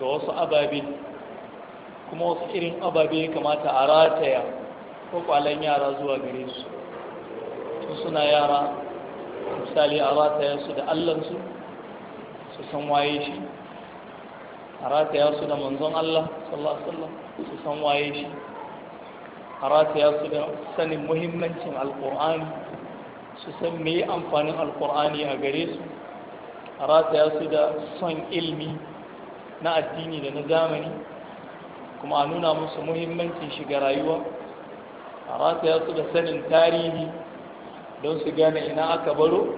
da wasu ababe kuma wasu irin ababe kamata a rataya kwalen yara zuwa gare su su suna yara misali a rataya su da allansu su san waye shi a rataya su da manzon Allah Sallasallam su san waye shi a rataya su da sanin muhimmancin alkur'ani su san mai amfanin alkur'ani a gare su Arasa rataya su da son ilmi na addini da na zamani kuma a nuna musu muhimmancin shiga rayuwa a rataya su da sanin tarihi don su gane ina aka baro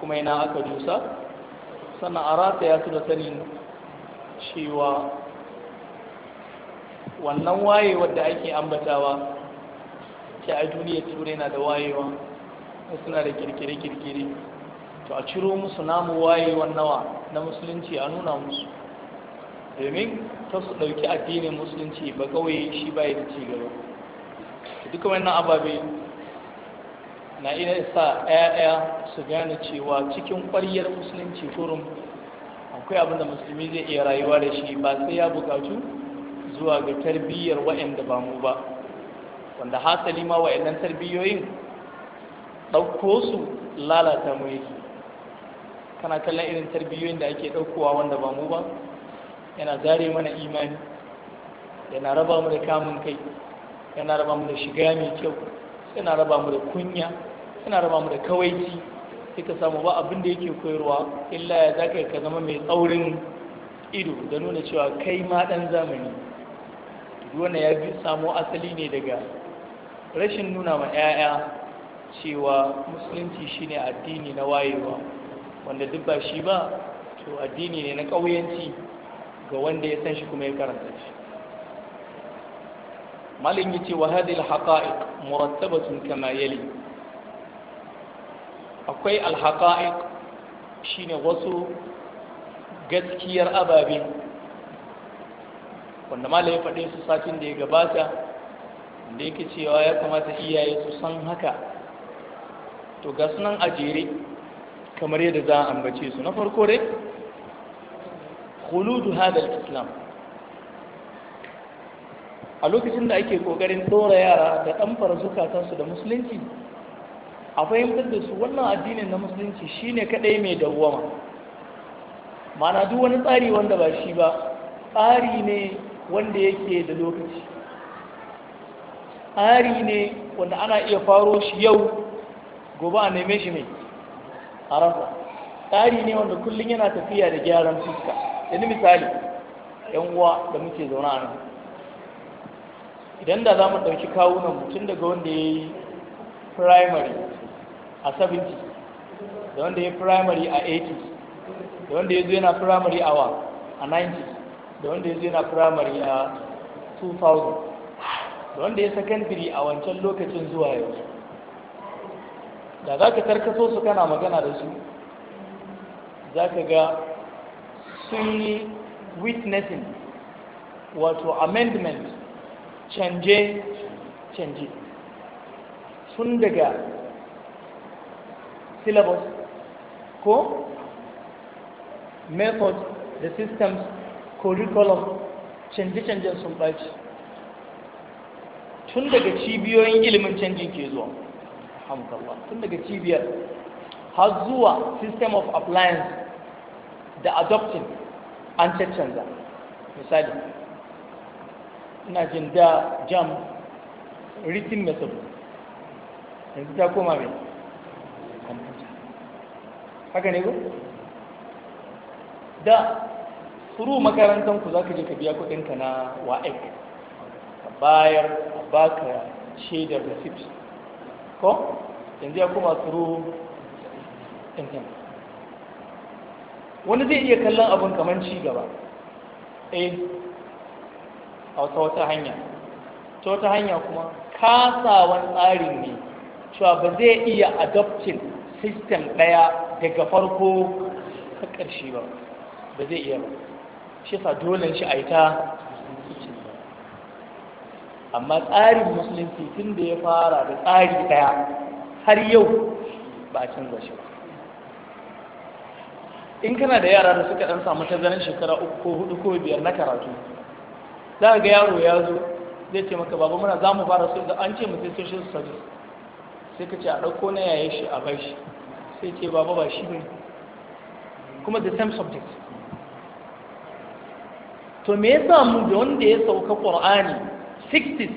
kuma ina aka dusa sannan a rataya su da sanin cewa wannan wayewar da ake ambatawa ke a duniya turai na da wayewa suna da kirkire-kirkire to a ciro musu namu wayewan nawa na musulunci a nuna musu domin ta su ɗauki addinin musulunci ba kawai shi ba ya da gaba duka wannan ababe na iya sa ɗaya su gane cewa cikin ƙwaryar musulunci kurum akwai abin da musulmi zai iya rayuwa da shi ba sai ya buƙatu zuwa ga tarbiyyar waɗanda ba mu ba wanda hasali ma waɗannan tarbiyoyin ɗauko su lalata mu kana kallon irin tarbiyoyin da ake ɗaukowa wanda ba mu ba yana zare mana imani yana raba mu da kamun kai yana raba mu da shiga mai kyau yana raba mu da kunya yana raba mu da kawaici sai ka samu ba abin da yake koyarwa illa ya za ka zama mai tsaurin ido da nuna cewa kai ma ɗan zamani wannan ya fi samo asali ne daga rashin nuna ma 'ya'ya cewa musulunci shine addini na wayewa wanda duk ba shi ba to addini ne na ƙauyenci ga wanda ya san shi kuma ya karanta shi malin ce wa hadhihi alhaqa'iq murattabatun kama yali akwai shi ne wasu gaskiyar ababe wanda ya faɗe su satin da ya gabata da yake cewa ya kamata iyaye su san haka to ga sunan a jere kamar yadda za a ambace su na farko dai khuludu hadal islam a lokacin da ake kokarin dora yara da zukata su da musulunci a fahimtar da su wannan addinin na musulunci shine kaɗai mai dawwama mana duk wani tsari wanda ba shi ba tsari ne wanda yake da lokaci tsari ne wanda ana iya faro shi yau gobe a neme shi mai a tsari ne wanda kullum yana tafiya da gyaran fuska yanzu misali yan uwa da muke zaune a nan idan da za mu ɗauki kawunan mutum daga wanda ya yi primary a 70 da wanda ya yi primary a 80 da wanda ya zo yana primary a wa a 90 da wanda ya zo yana primary a 2000 da wanda ya secondary a wancan lokacin zuwa yau da za ka karkaso su kana magana da su za ka ga sun yi witnessing wato amendment canje canje sun daga syllabus ko method da systems curriculum canje canje sun ɓaci tun daga cibiyoyin ilimin canjin ke zuwa hamdallah tun daga cibiyar har zuwa system of appliance da adopting an caccanza misali ina jin da jam written method yanzu ta koma mai computer haka ne ku? da suru makarantar ku za ka je ka biya kudinka na wa'ek ka bayar a baka shaidar da receipt ko yanzu ya kuma turu wani zai iya kallon abin kamar ci gaba eh, a wata hanya ta wata hanya kuma kasawan tsarin ne cewa ba zai iya adoptin system ɗaya daga farko ta ƙarshe ba ba zai iya ba shi yasa dole shi a yi ta amma tsarin musulunci tun da ya fara da tsari ɗaya har yau ba a canza shi ba in kana da yara da suka ɗan samu tazarin shekara uku ko hudu ko biyar na karatu za ga yaro ya zo zai ce maka babu muna za mu fara su da an ce mu sai social studies sai ka ce a ɗauko na yaye shi a bai shi sai ce babu ba shi ne kuma the same subject to me yasa mu da wanda ya sauka qur'ani 60s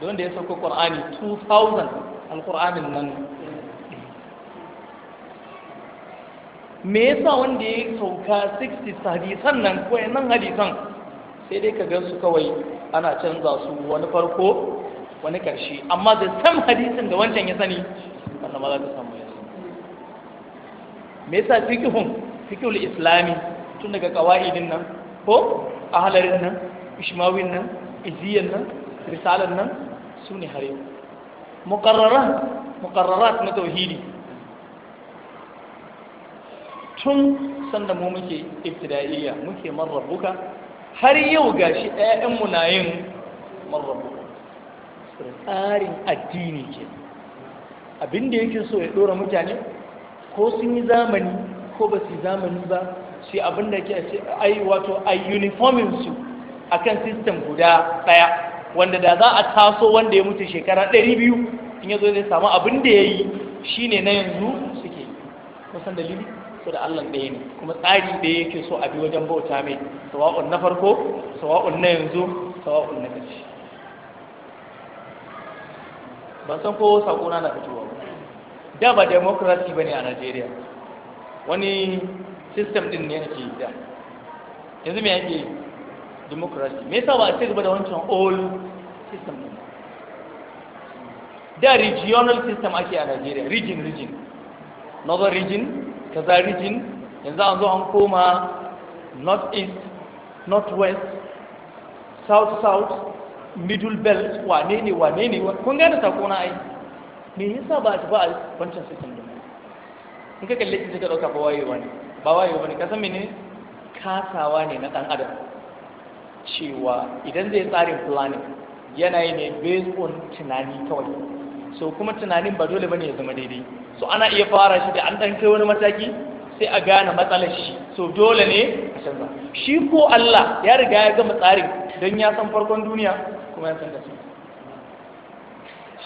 da wanda ya sauko thousand 2000 alƙur'anin nan me yasa wanda ya sauka 60s hadisan nan ko nan hadisan sai dai ka gan su kawai ana canza su wani farko wani ƙarshe amma da sam hadisin da wancan ya sani wanda ma za ta samu ya me yasa fikihun fikihul islami tun daga ƙawa'idin nan ko halarin nan ishmawin nan iziyan nan risalar nan su ne har yau muƙarrarat na tauhidi tun sanda mu muke ibtida'iyya muke marrabuka har yau gashi ɗayanmu na yin marrabuka tsarin addini ke abin da yake so ya ɗora mutane ko sun yi zamani ko ba su yi zamani ba sai abin da ke ai wato a uniformin su akan system guda ɗaya wanda da za a taso wanda ya mutu shekara ɗari biyu in ya zo zai samu abin da ya yi shi ne na yanzu suke kusan dalili su da allon ɗaya ne kuma tsari ɗaya yake so a bi wajen bauta mai sawa'un na farko sawa'un na yanzu sawa'un na ƙarshe ban san ko saƙona na fitowa ba da ba democracy ba ne a najeriya wani system ɗin ne yake yi da yanzu mai yake yi democracy me yasa ba a ci da wancan all system da regional system ake a Najeriya region region northern region kaza region yanzu an zo an koma north east north west south south middle belt wane ne wane ne kun gane sako na ai me yasa ba a ci ba a wancan system din in ka kalle shi ka dauka ba wayewa ne ba wayewa ne ka san menene kasawa ne na dan adam cewa idan zai tsarin planning yana yi ne based on tunani kawai so kuma tunanin ba dole bane ya zama daidai so ana iya fara shi da an dan kai wani mataki sai a gane matsalar shi so dole ne a canza shi ko Allah ya riga ya gama tsarin don ya san farkon duniya kuma ya san da shi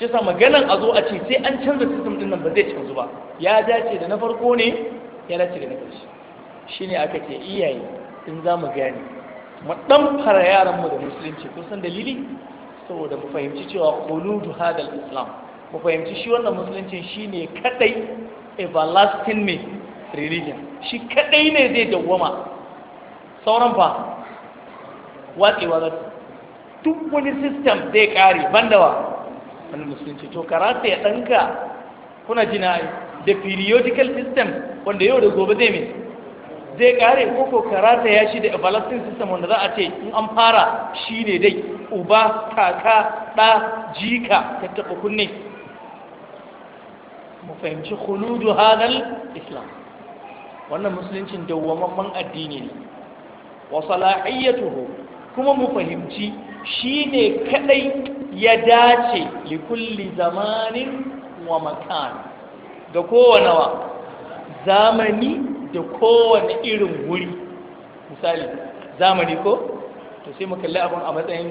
yasa maganan a zo a ce sai an canza system din nan ba zai canzu ba ya dace da na farko ne ya dace da na ƙarshe shine aka ce iyaye in za mu gane mu fara yaran mu da musulunci kun san dalili saboda mu fahimci cewa quludu hadal islam mu fahimci shi wannan musulunci shine kadai everlasting me religion shi kadai ne zai dawwama sauran fa watsewa za duk wani system zai kare bandawa wani musulunci to karanta ya ɗanka kuna jina da periodical system wanda yau da gobe zai mai zai kare koko karata ya shi da everlasting system wanda za a ce in an fara shi ne dai uba kaka ɗa jika ta taɓa kunne mu fahimci huludu hadal islam wannan musuluncin dawwamamman addini ne wa salahiyyatuhu kuma mu fahimci shine kadai ya dace li kulli zamanin wa makan ga kowane wa zamani da kowane irin wuri misali zamani ko to sai mu kalli abin a matsayin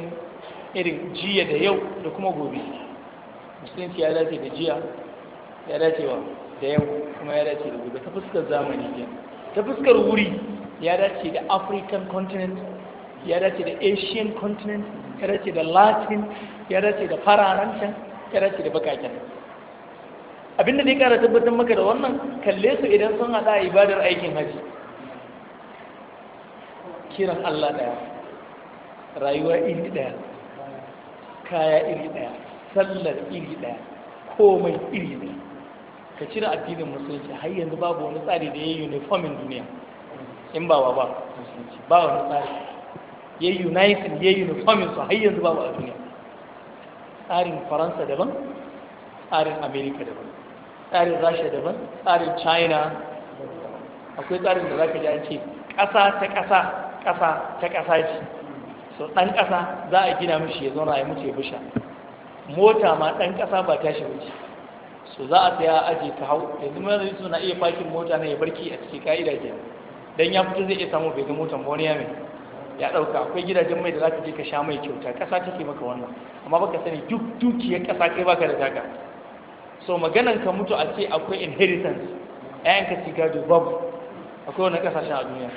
irin jiya da yau da kuma gobe musulunci ya dace da jiya ya dace wa da yau kuma ya dace da gobe ta fuskar zamani ne ta fuskar wuri ya dace da african continent ya dace da asian continent ya dace da latin ya dace da fararen can ya dace da bakakin abinda zai kara tabbatar maka da wannan kalle su idan sun haɗa a ibadar aikin haji kiran Allah ɗaya rayuwa iri ɗaya kaya iri ɗaya sallar iri ɗaya komai iri ɗaya ka cire addinin musulunci har yanzu babu wani tsari da ya yi uniformin duniya in ba wa ba musulunci ba wani tsari ya yi united ya yi uniformin su har yanzu babu a duniya tsarin faransa daban tsarin amerika daban tsarin rasha daban tsarin china akwai tsarin da za ka ji an ce ƙasa ta ƙasa ƙasa ta ƙasa ce so ɗan ƙasa za a gina mishi ya zauna ya mutu ya busha mota ma ɗan ƙasa ba tashi wuce so za a tsaya aji ka hau yanzu mai zai suna iya fakin mota na ya barki a cikin ka'ida ke dan ya fito zai iya samu bai ga motan ba wani ya mai ya ɗauka akwai gidajen mai da za ka je ka sha mai kyauta ƙasa take maka wannan amma baka sani duk dukiyar ƙasa kai baka da taka so maganan ka mutu a ce akwai inheritance ayan ka ci gado babu akwai wani kasashen a duniya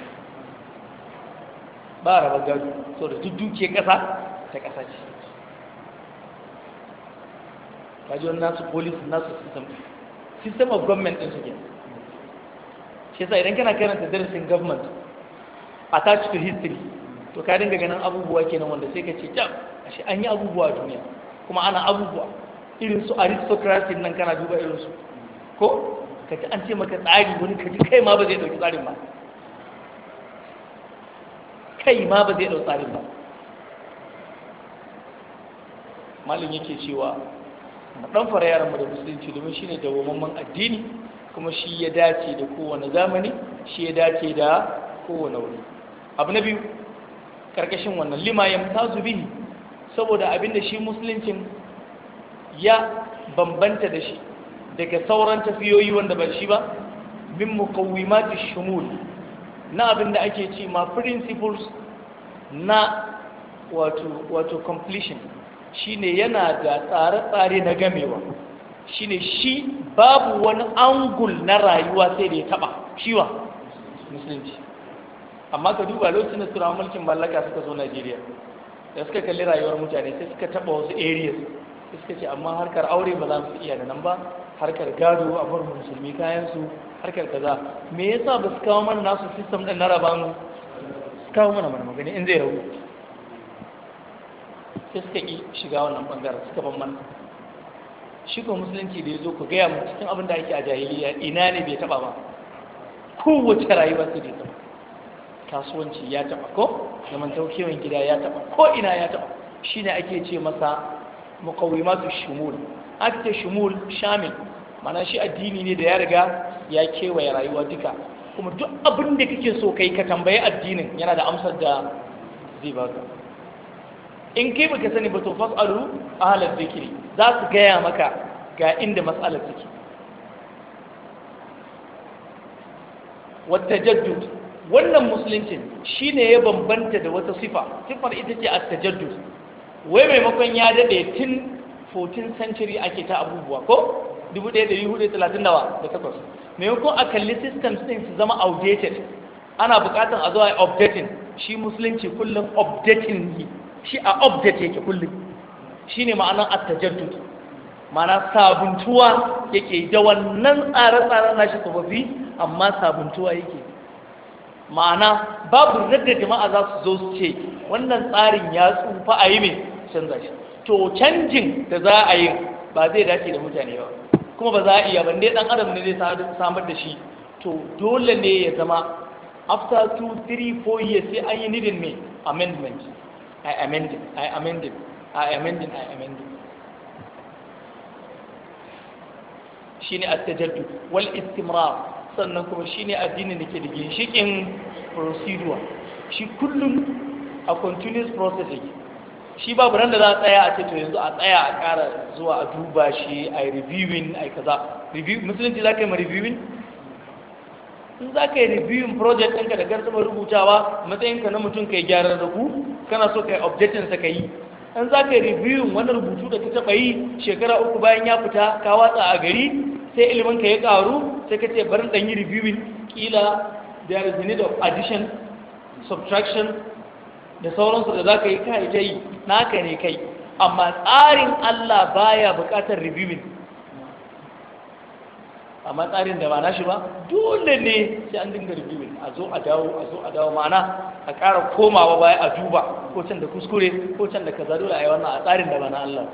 ba raba gado so da duk dukiyar kasa ta kasa ce kaji wani nasu police nasu system system of government din suke shi sa idan kana karanta darasin government attached to history to ka dinga ganin abubuwa kenan wanda sai ka ce jam ashe an yi abubuwa a duniya kuma ana abubuwa irin su aristocracy nan kana duba irin su ko kaji an ce maka tsari wani kaji kai ma ba zai dauki tsarin ba kai ma ba zai dauki tsarin ba malin yake cewa na dan fara yaran mu da musulunci domin shine dawwamamman addini kuma shi ya dace da kowane zamani shi ya dace da kowane wuri abu na biyu karkashin wannan lima tazubi saboda abinda shi musuluncin ya bambanta da shi daga sauran tafiyoyi wanda ba shi ba min muqawwimati shumul na abin da ake ce ma principles na wato wato completion shine yana da tsare-tsare na gamewa shine shi babu wani angul na rayuwa sai da ya taba shiwa musulunci amma ka duba lokacin da turawan mulkin mallaka suka zo Najeriya da suka kalli rayuwar mutane sai suka taba wasu areas suka ce amma harkar aure ba za mu iya da nan ba harkar gado a bar musulmi kayan su harkar kaza me yasa ba su kawo mana nasu system din na raban su kawo mana mana magani in zai rabu sai suka ki shiga wannan bangaren suka ban mana shi ko musulunci da ya zo ku gaya mu cikin abin da ake a jahiliya ina ne bai taba ba kowace rayuwa su bai taba kasuwanci ya taba ko zaman taukewan gida ya taba ko ina ya taba shine ake ce masa muqawimatu shumul ake shumul shamil mana shi addini ne da ya riga ya kewaye rayuwa duka kuma duk abin da kake so kai ka tambayi addinin yana da amsar da zai baka in kai baka sani ba to fasalu ahlal zikri za su gaya maka ga inda mas'alar take والتجدد wannan musuluncin shine ya bambanta da wata sifa sifar ita ce at-tajaddud wai maimakon ya daɗe tun 14 century ake ta abubuwa ko 1438 maimakon a kalli systems ɗin su zama outdated ana buƙatar a zuwa updating shi musulunci kullum updating ne shi a update yake kullum shi ne ma'anar attajaddud ma'ana sabuntuwa yake da wannan tsare-tsaren nashi tsofaffi amma sabuntuwa yake ma'ana babu radda jama'a za su zo su ce wannan tsarin ya tsufa a yi mai canza shi to canjin da za a yi ba zai dace da mutane ba kuma ba za a iya ba dai dan adam ne zai samar da shi to dole ne ya zama after 2 3 4 years sai an yi nidin me amendment i amended i amended i amended i amended shine at-tajaddud wal istimrar sannan kuma shine addini da ke da ginshikin procedure shi kullum a continuous process yake shi babu randa za a tsaya a ce to yanzu a tsaya a ƙara zuwa a duba shi a yi reviewing a yi kaza musulunci za ka yi ma reviewing in za ka yi reviewing project ɗinka da garsamar rubutawa matsayinka na mutum ka yi gyaran rubu kana so ka yi objectin sa ka yi in za ka yi reviewing wani rubutu da ta taɓa yi shekara uku bayan ya fita ka watsa a gari sai ilimin ka ya ƙaru sai ka ce bari ɗanyi yi reviewing ƙila there is a need of addition subtraction da sauransu da za ka yi kai ta yi naka ne kai amma tsarin Allah baya buƙatar reviewing amma tsarin da ba na shi ba dole ne sai an dinga reviewing a zo a dawo a zo a dawo mana a ƙara komawa baya a duba ko can da kuskure ko can da kaza dole a yi wannan a tsarin da ba na Allah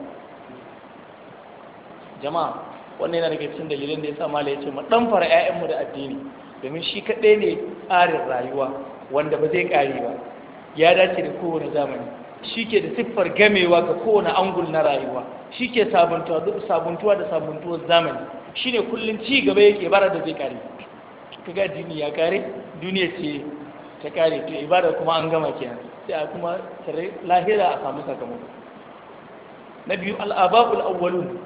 jama'a wannan yana daga cikin dalilin da ya sa mala ya ce mu dan fara 'ya'yanmu da addini domin shi kaɗai ne tsarin rayuwa wanda ba zai ƙare ba ya dace da kowane zamani shi ke da siffar gamewa ga kowane angul na rayuwa shi ke sabuntuwa da sabuntuwar zamani shi ne kullum ci gaba yake bara da zai kare ga addini ya kare duniya ce ta kare to ibada kuma an gama kenan sai a kuma tare lahira a samu sakamako na biyu al'ababul awwalun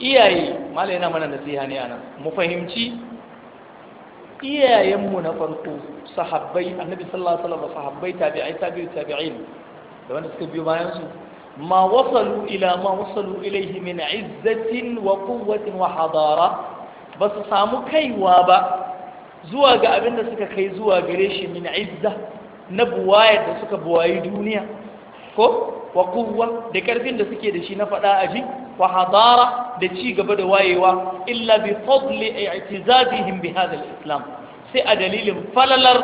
iyaye malai yana mana nasiha ne nan. mu fahimci iyayenmu na farko sahabbai annabi sallallahu alaihi wasallam sahabbai tabi'ai tabi'u tabi'in da wanda suka biyo bayan su ma wasalu ila ma wasalu ilayhi min izzatin wa quwwatin wa hadara ba samu kaiwa ba zuwa ga abinda suka kai zuwa gare shi min izza na buwayar da suka buwayi duniya ko wa quwwa da karfin da suke da shi na fada aji wa hadara da ci gaba da wayewa illa bi fadli i'tizabihim bi hadha al-islam sai a dalilin falalar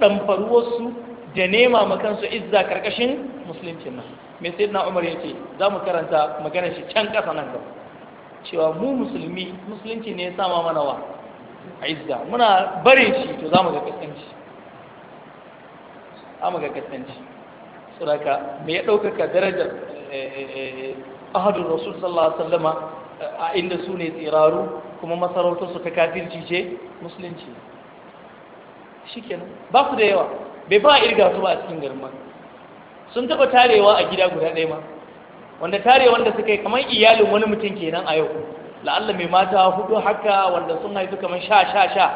ɗamfaruwarsu da nema ma su izza karkashin musuluncin nan sai na umar yace za mu karanta maganar shi can ƙasa nan gaba cewa mu musulmi musulunci ne ya sama mana wa izza muna bare shi to za mu ga kaskanci za mu ga kaskanci saboda me ya ɗaukaka darajar eh, eh, eh, ahadun rasul sallallahu alaihi wasallama a inda su ne tsiraru kuma masarautar su ta kafirci ce musulunci shikenan ba su da yawa bai ba a irga su ba a cikin garin sun taba tarewa a gida guda ɗaya ma wanda tare wanda suka yi kamar iyalin wani mutum kenan a yau la'alla mai mata hudu haka wanda sun haifi kamar sha sha sha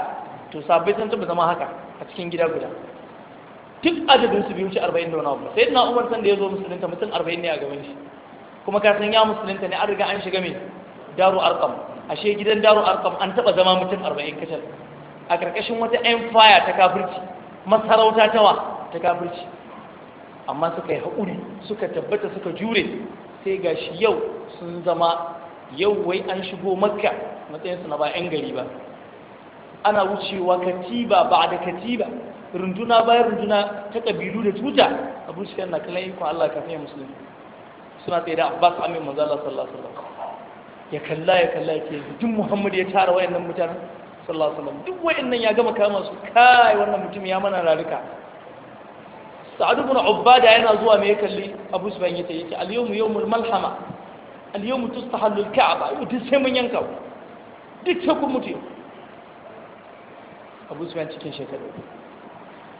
to sabai sun taba zama haka a cikin gida guda duk adadin su biyu shi arba'in da wani abu sai na umar san da ya zo musulunta mutum arba'in ne a gaban shi kuma ka san ya musulunta ne an riga an shiga mai daru arkam ashe gidan daru arkam an taba zama mutum arba'in kacal a karkashin wata yan faya ta kafirci masarauta tawa ta kafirci amma suka yi haƙuri suka tabbata suka jure sai ga shi yau sun zama yau wai an shigo makka matsayinsu na ba ƴan gari ba ana wucewa katiba ba da katiba runduna bayan runduna ta ƙabilu da tuta abu shi na kallon ikon allah kafin ya musulmi suna tsaye da abbas amin manzo Allah sallallahu alaihi wasallam ya kalla ya kalla ya ce duk muhammad ya tara wayannan mutane sallallahu alaihi wasallam duk wayannan ya gama kama su kai wannan mutum ya mana rarika sa'ad ibn ubada yana zuwa me ya kalli abu sufyan yace yace al yawmu yawmul malhama al yawmu tustahallu al ka'ba yau duk sai mun yanka duk sai kun mutu abu sufyan cikin shekaru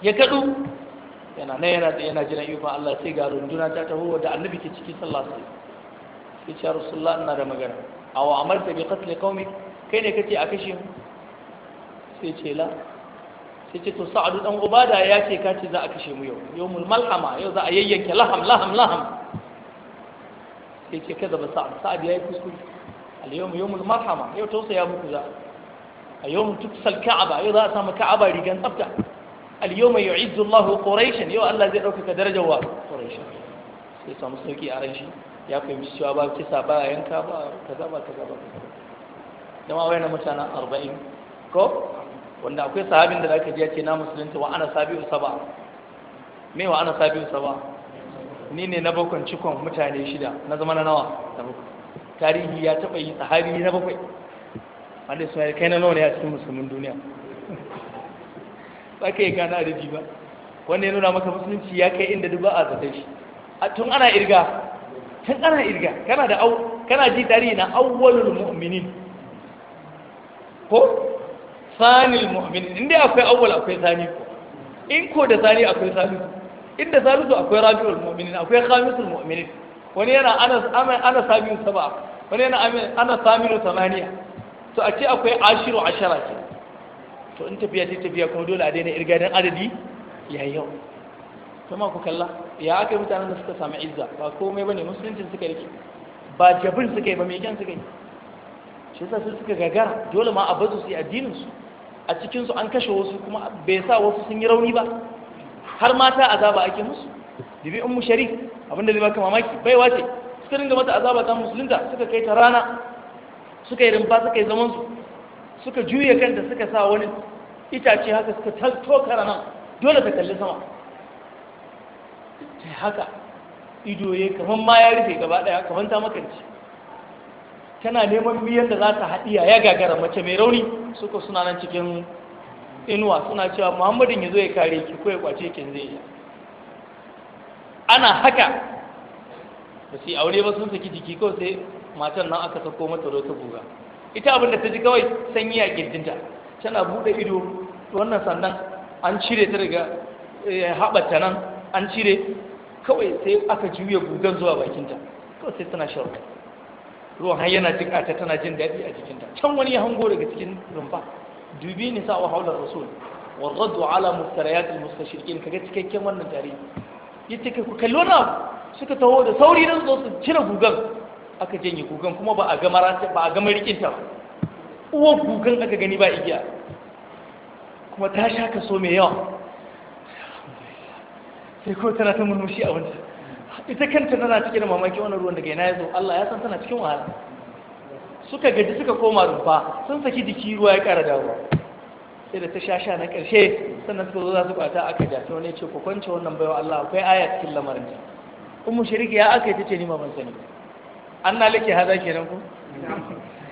ya kadu yana nan yana da yana jiran ikon Allah sai ga runduna ta taho da annabi ke ciki sallallahu alaihi wasallam sai ya rasulullah ina da magana aw amarta bi qatl qaumi kai ne kace a kashe mu sai ce la sai ce to sa'adu dan ubada ya ce ka ce za a kashe mu yau yawmul malhama yau za a yayyanke laham laham laham sai ce kaza ba sa'ad sa'ad yayi kuskure al yawm yawmul malhama yau tausaya muku za a yawm tuksal ka'aba yau za a samu ka'aba rigan tsafta al-yawma yu'izzu Allahu Quraishan yau Allah zai dauka darajar wa Quraishan sai samu sauki a ran shi ya fahimci cewa ba kisa ba yanka ba kaza ba kaza ba jama'a wayannan mutanen 40 ko wanda akwai sahabin da zaka ji ce na musulunta wa ana sabiu saba me wa ana sabiu saba ni ne na bakon cikon mutane shida na zama na nawa na bakwai tarihi ya taba yi sahabi na bakwai wanda su kai na nawa ne a cikin musulmin duniya ba ka yi a da ba wanda ya nuna maka musulunci ya kai inda duk ba a zata shi A tun ana irga tun ana irga kana da au kana ji tari na awwalul mu'minin ko sanil mu'minin inda akwai awwal akwai sani ko in ko da sani akwai salisu inda salisu akwai rabiul mu'minin akwai khamisul mu'minin wani yana ana sabiu sab'a wani yana ana saminu samaniya to a ce akwai ashiru ashara ce. to in tafiya ta tafiya kuma dole a daina irga adadi ya yau kuma ku kalla ya aka yi mutanen da suka sami izza ba komai bane musulunci suka yi ba jabin suka yi ba mai kyan suka yi shi yasa su suka gagara dole ma a bazu su yi addinin su a cikin su an kashe wasu kuma bai sa wasu sun yi rauni ba har mata azaba ake musu dibi ummu sharif abinda zai baka mamaki bai wace suka dinga mata azaba ta musulunta suka kai ta rana suka yi rumfa suka yi zaman su suka juye kanta suka sa wani itace haka suka tokara nan dole ta kalli sama ta haka ido ya kaman ma ya rufe gaba daya kaman ta ci tana neman biyan da za ta haɗiya ya gagara mace mai rauni suka suna nan cikin inuwa suna cewa muhammadin ya zo ya kare ki ko ya kwace ki zai iya ana haka ba su aure ba sun saki jiki ko sai matan nan aka sako mata ta guga ita abin da ta ji kawai sanyi a kirjinta tana buɗe ido wannan sannan an cire ta daga eh, haɓata nan an cire kawai sai aka juya gugan zuwa bakinta kawai sai tana shawar ruwan har yana jikata tana jin daɗi a jikinta can wani ya hango daga cikin rumfa dubi ni sa wa haular rasul wa raddu ala muftariyat al mustashriqin kaga cikakken wannan tarihi yace kai ku kallo suka taho da sauri nan zo su cire gugan aka janye gugan kuma ba a gama ba a gama rikinta ba uwar gugan aka gani ba igiya kuma ta sha kaso mai yawa sai kuma tana ta murmushi a wanda ita kanta tana cikin mamaki wannan ruwan daga yana ya zo Allah ya san tana cikin wahala suka gaji suka koma rumfa sun saki jiki ruwa ya kara dawowa sai da ta sha sha na karshe sannan suka zo za su kwata aka ja sai wani ya ce ku kwance wannan baiwa Allah akwai aya cikin lamarin ta ummu shirki ya aka yi tace ni ma ban sani ba an na lake haza kenan ko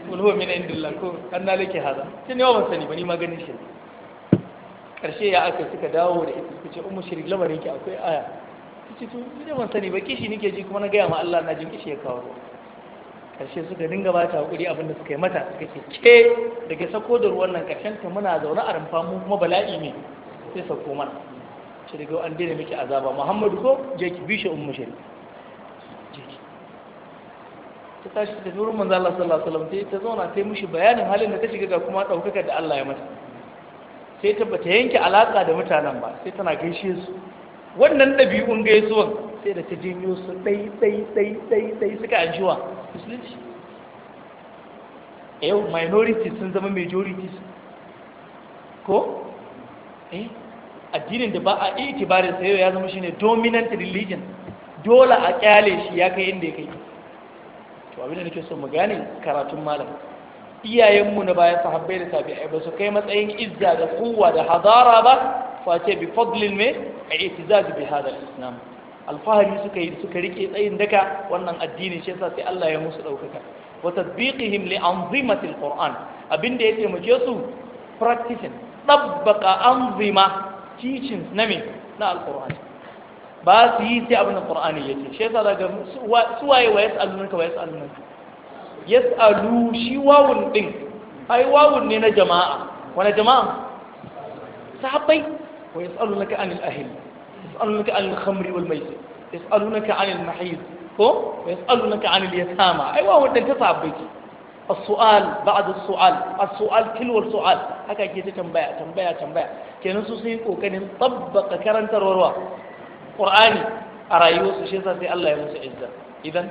kul huwa min indillah ko an na lake haza kin yawa ban sani ba ni maganin shi karshe ya aka suka dawo da ita suka ce ummu shirik lamarin ki akwai aya kici to ni ban sani ba kishi nike ji kuma na gaya ma Allah na jin kishi ya kawo karshe suka dinga ba ta hakuri abinda suka yi mata suka ce ke daga sako da ruwan nan karshen ta muna zaune a rumfa mu kuma bala'i ne sai sako mana shi daga an daina miki azaba muhammadu ko je ki bishe ummu shirik ta tashi ta tafi wurin manzo Allah sallallahu alaihi wasallam sai ta zauna ta yi mishi bayanin halin da ta shiga ga kuma daukaka da Allah ya mata sai ta bata yanke alaka da mutanen ba sai tana gaishe su wannan ɗabi'un gaisuwan sai da ta janyo su dai dai dai dai dai suka ajiwa musulunci eh, yau minority sun zama majority ko eh addinin da ba a itibarin sa sayo ya zama shine dominant religion dole a kyale shi ya kai inda ya kai to abin da nake so mu gane karatun malam iyayenmu na baya sahabbai da tabi'ai ba su kai matsayin izza da kowa da hazara ba face bi fadlin me a itizaz bi hada islam alfahari suka yi suka rike tsayin daka wannan addinin shi yasa sai Allah ya musu daukaka wa tadbiqihim li anzimatil qur'an abinda ya taimake su practicing dabbaqa anzima teachings na me na alqur'ani ba su yi sai abin da qur'ani yake shi yasa daga su waye wa yas'alunka wa yas'alunka yas'alu shi wawun din ai wawun ne na jama'a wani jama'a sahabbai wa yas'alunaka anil ahil yas'alunaka anil khamri wal maisir yas'alunaka anil mahid ko yas'alunaka anil yatama ai wawun din ta sahabbai السؤال بعد السؤال السؤال تلو السؤال haka ke ta tambaya tambaya tambaya kenan su sun yi kokarin tabbaka karantar warwa qur'ani a rayuwarsu shi yasa sai Allah ya musu izza idan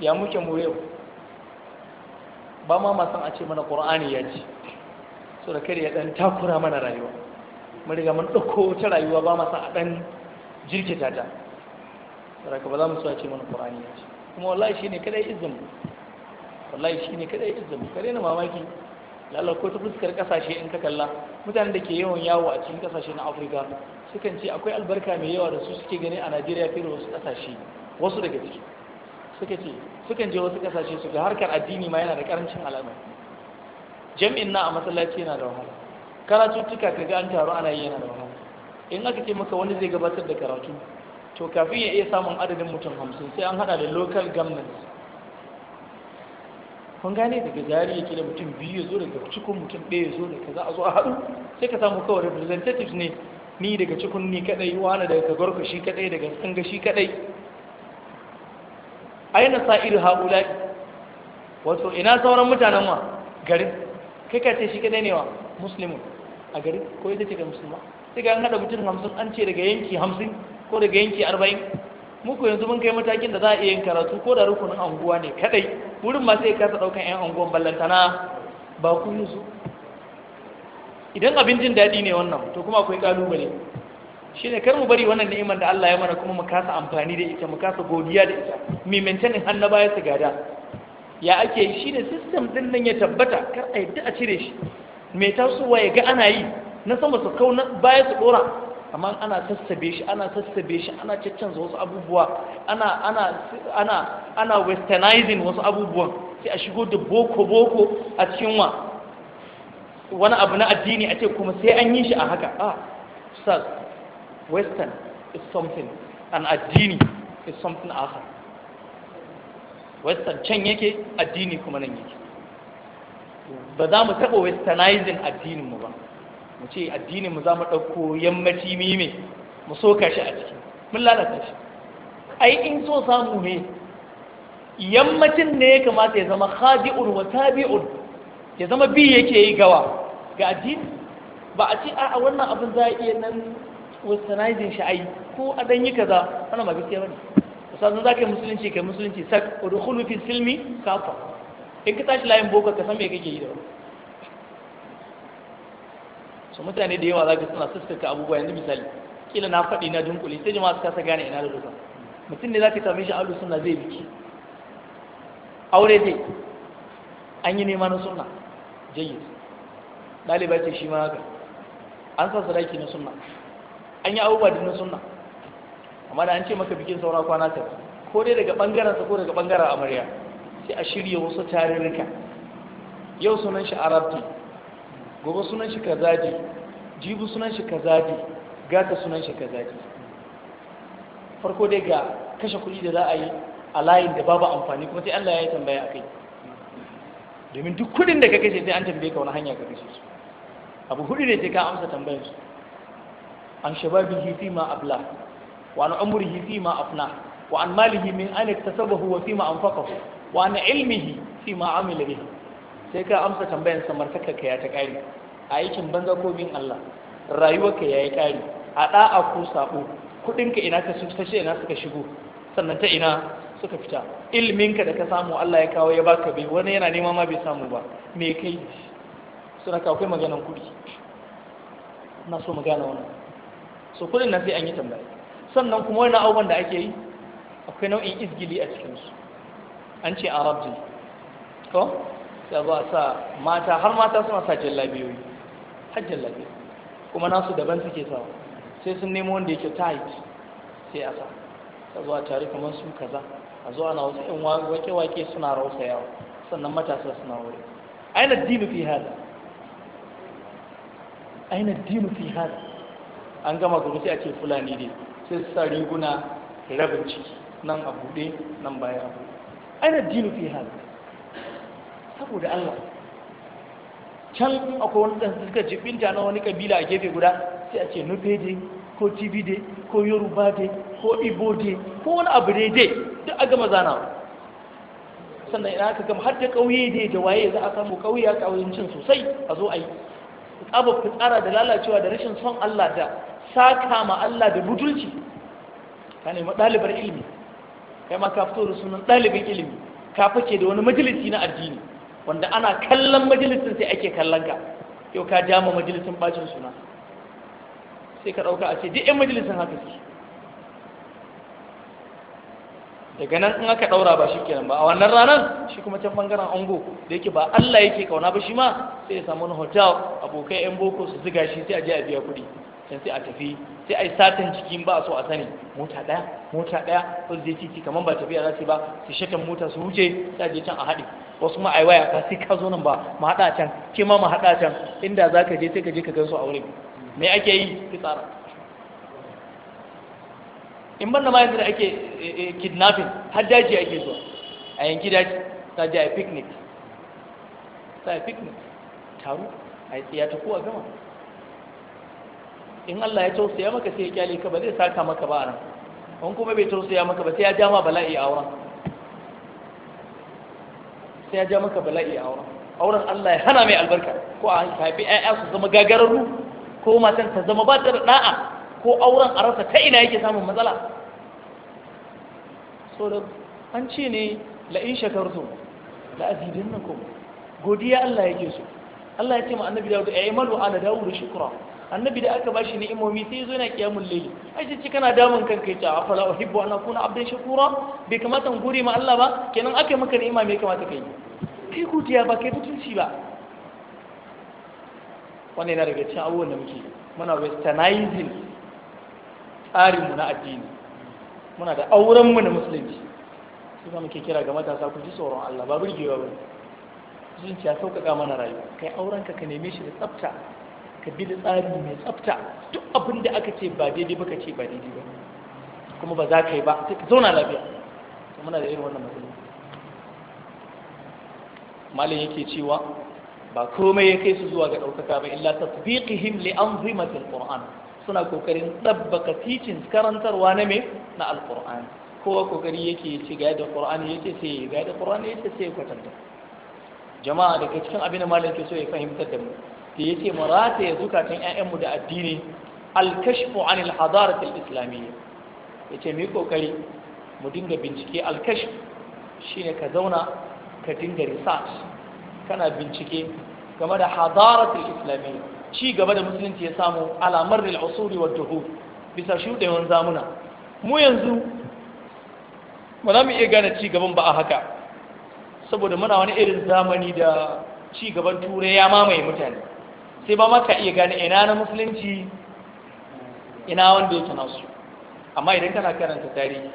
ya muke mu yau ba ma ma san a ce mana qur'ani ya ci so da kare ya dan takura mana rayuwa mun riga mun dauko ta rayuwa ba ma san a dan jirkita ta ka ba za mu so a ce mana qur'ani ya ci kuma wallahi shine kadai izzin wallahi shine kadai izzin kare na mamaki lalar ko ta fuskar kasashe in ka kalla mutanen da ke yawan yawo a cikin kasashe na afirka sukan ce akwai albarka mai yawa da su suke gani a najeriya fiye da wasu kasashe wasu daga ciki suka ce sukan je wasu kasashe su ga harkar addini ma yana da karancin al'amari jami'in na a masallaci yana da wahala karatuttuka ka ga an taro ana yi yana da wahala in aka ce maka wani zai gabatar da karatu to kafin ya iya samun adadin mutum hamsin sai an hada da local government kun gane daga jari yake da mutum biyu ya zo daga cikin mutum ɗaya ya zo da za a zo a haɗu sai ka samu kawai representatives ne ni daga cikin ni kadai wani daga kagorka shi kadai daga tsanga shi kadai aina sa'ir haula wato ina sauran mutanen wa garin kai ka ce shi kadai ne wa musulmi a garin ko ita ce ga musulma sai ga an haɗa mutum hamsin an ce daga yanki hamsin ko daga yanki arba'in muku yanzu mun kai matakin da za a iya yin karatu ko da rukunin anguwa ne kadai wurin masu sai kasa ɗaukan 'yan unguwan ballantana ba ku yi su idan abincin daɗi ne wannan to kuma akwai ƙalubale shi ne kar mu bari wannan ni'imar da Allah ya mana kuma mu kasa amfani da ita mu kasa godiya da ita mai maintainin hannu baya su gada ya ake yi shi ne sistem ɗin nan ya tabbata kar a yadda a cire shi mai tasowa ya ga ana yi na sama su kau baya su ɗora amma ana sassabe shi ana sassabe shi ana caccansa wasu abubuwa ana ana ana ana westernizing wasu abubuwan sai a shigo da boko boko a cikin wa wani abu na addini a ce kuma sai an yi shi a haka ah sir western is something an addini is something else western can yake addini kuma nan yake ba za mu taɓa westernizing addininmu ba mu ce addinin mu za mu ɗauko yammaci mime mu soka shi a ciki mun lalata shi ai in so samu ne yammacin ne ya kamata ya zama khadi'un wa tabi'un ya zama bi yake yi gawa ga addini ba a ce a wannan abin za a iya nan westernizing shi ai ko a dan yi kaza wannan ba gaskiya bane sannan za ka yi musulunci ka musulunci sak udkhulu fi silmi kafa in ka tashi layin boko ka san me kake yi da wani so mutane da yawa za ka suna sassaka abubuwa yanzu misali kila na faɗi na dunkuli sai jama'a su kasa gane ina da rufa mutum ne za ka same shi a suna zai biki aure dai an yi nema na suna jayyid ɗaliba ce shi ma haka an sa sadaki na suna an yi abubuwa da na suna amma da an ce maka bikin saura kwana ta ko dai daga ɓangaren sa ko daga ɓangaren amarya sai a shirya wasu tarurruka yau sunan shi arabti gobe sunan shi kazaji jibu sunan shi kazaji gata sunan shi kazaji farko dai ga kashe kuɗi da za a yi a layin da babu amfani kuma sai Allah ya yi tambaya akai domin duk kuɗin da ka kashe sai an tambaye ka wani hanya ka kashe su abu hudu ne sai ka amsa tambayar su an shababi fi ma abla wa an umrihi fi ma afna wa an malihi min an tasabahu wa fi ma anfaqahu wa an ilmihi fi ma amila bihi sai ka amsa tambayan samartaka ka ya ta kare a aikin banza ko bin Allah ka ya yi kare a ɗa'a ko saɓo kuɗinka ina ka sashe ina suka shigo sannan ta ina suka fita ka da ka samu Allah ya kawo ya baka bai wani yana nema ma bai samu ba me kai suna ka kai maganan kuɗi na so magana wannan so kuɗin na sai an yi tambaya sannan kuma wani abubuwan da ake yi akwai nau'in izgili a cikinsu an ce arabji ko da ba sa mata har mata suna sa jallabiyoyi har jallabi kuma nasu daban suke sawa sai sun nemo wanda yake tight sai a sa ta zuwa tare kamar su kaza a zuwa na wasu yan wake-wake suna rausa yawa sannan matasa suna wuri aina dinu fi hada aina dinu fi hada an gama gudu sai a ce fulani ne sai su sa riguna rabin ciki nan a buɗe nan baya a aina dinu fi hada saboda Allah can akwai wani ɗansu suka jibinta na wani kabila a gefe guda sai a ce nufe dai ko tibi dai ko yoruba dai ko ibo dai ko wani abu dai dai duk a gama zana sannan ina aka gama har da ƙauye dai da waye za a samu ƙauye a cin sosai a zo a yi tsaba fitsara da lalacewa da rashin son Allah da saka ma Allah da butulci ka nemi ɗalibar ilimi kai ma ka fito da sunan ɗalibin ilimi ka fake da wani majalisi na addini wanda ana kallon majalisin sai ake kallon ka yau ka jama majalisin bacin suna sai ka ɗauka a ce duk 'yan majalisin haka su daga nan in aka ɗaura ba shi kenan ba a wannan ranar shi kuma can bangaren ango da yake ba Allah yake kauna ba shi ma sai ya samu wani hotel abokai 'yan boko su ziga shi sai a je a biya kuɗi sai sai a tafi sai a yi satan cikin ba a so a sani mota ɗaya mota ɗaya ko je titi kamar ba tafiya za su ba su shakan mota su wuce sai a je can a haɗe wasu ma a yi waya ka sai ka zo nan ba mu haɗa can ke ma mu haɗa can inda za ka je sai ka je ka gansu a wurin me ake yi ki tsara in da ma yanzu da ake eh, eh, kidnapping har daji ake zuwa a yanki daji ta je a yi picnic ta yi picnic taro a yi tsiyata ko a gama in Allah ya tausaya maka sai ya kyale ka ba zai saka maka ba ran in kuma bai tausaya maka ba sai ya ja ma bala'i a auren sai ya ja maka bala'i a auren auren Allah ya hana mai albarka ko a haifi ƴaƴa su zama gagararru ko matan ta zama ba ta da da'a ko auren a rasa ta ina yake samun matsala so da an ce ne la in shakartum la azidannakum godiya Allah yake so Allah ya ce ma annabi Dawud aymalu ala Dawud shukra annabi da aka bashi ni'imomi sai zo yana kiyamul layli ai sai ce kana damun kanka yace afala uhibbu an akuna abdan shakura bai kamata in gure ma Allah ba kenan aka maka ni'ima me kamata kai kai kutiya ba kai tutunci ba wannan yana daga cikin abubuwan da muke muna westernizing tsarinmu na addini muna da aurenmu na musulunci Sai ma muke kira ga matasa ku ji tsoron Allah ba burgewa ba zuciya sauƙaƙa mana rayuwa kai aurenka ka neme shi da tsafta ka bi da tsari mai tsafta duk abin da aka ce ba daidai ba ka ce ba daidai ba kuma ba za ka yi ba sai ka zauna lafiya to muna da irin wannan matsalolin malam yake cewa ba komai ya kai su zuwa ga ɗaukaka ba illa tasbiqihim li anzimatil qur'an suna kokarin tsabbaka titin, karantarwa na mai na alƙoran kowa kokari yake ce ga da ya yake sai ga da ya yake sai kwatanta jama'a daga cikin abin da malam ke so ya fahimtar da mu da yake mu ya zukatun 'ya'yanmu da addini al an anil islamiyya ya islamiyya mai kokari mu dinga bincike al shi ne ka zauna ka dinga research kana bincike game da hadarat islamiyya ci gaba da musulunci ya samu alamar da al'asuri wa duhur bisa shuɗewan zamuna mu yanzu ba za mu iya gane ci gaban ba a haka saboda muna wani irin zamani da ci gaban turai ya mamaye mutane sai ba maka iya gani ina na musulunci ina wanda yake nasu amma idan kana karanta tarihi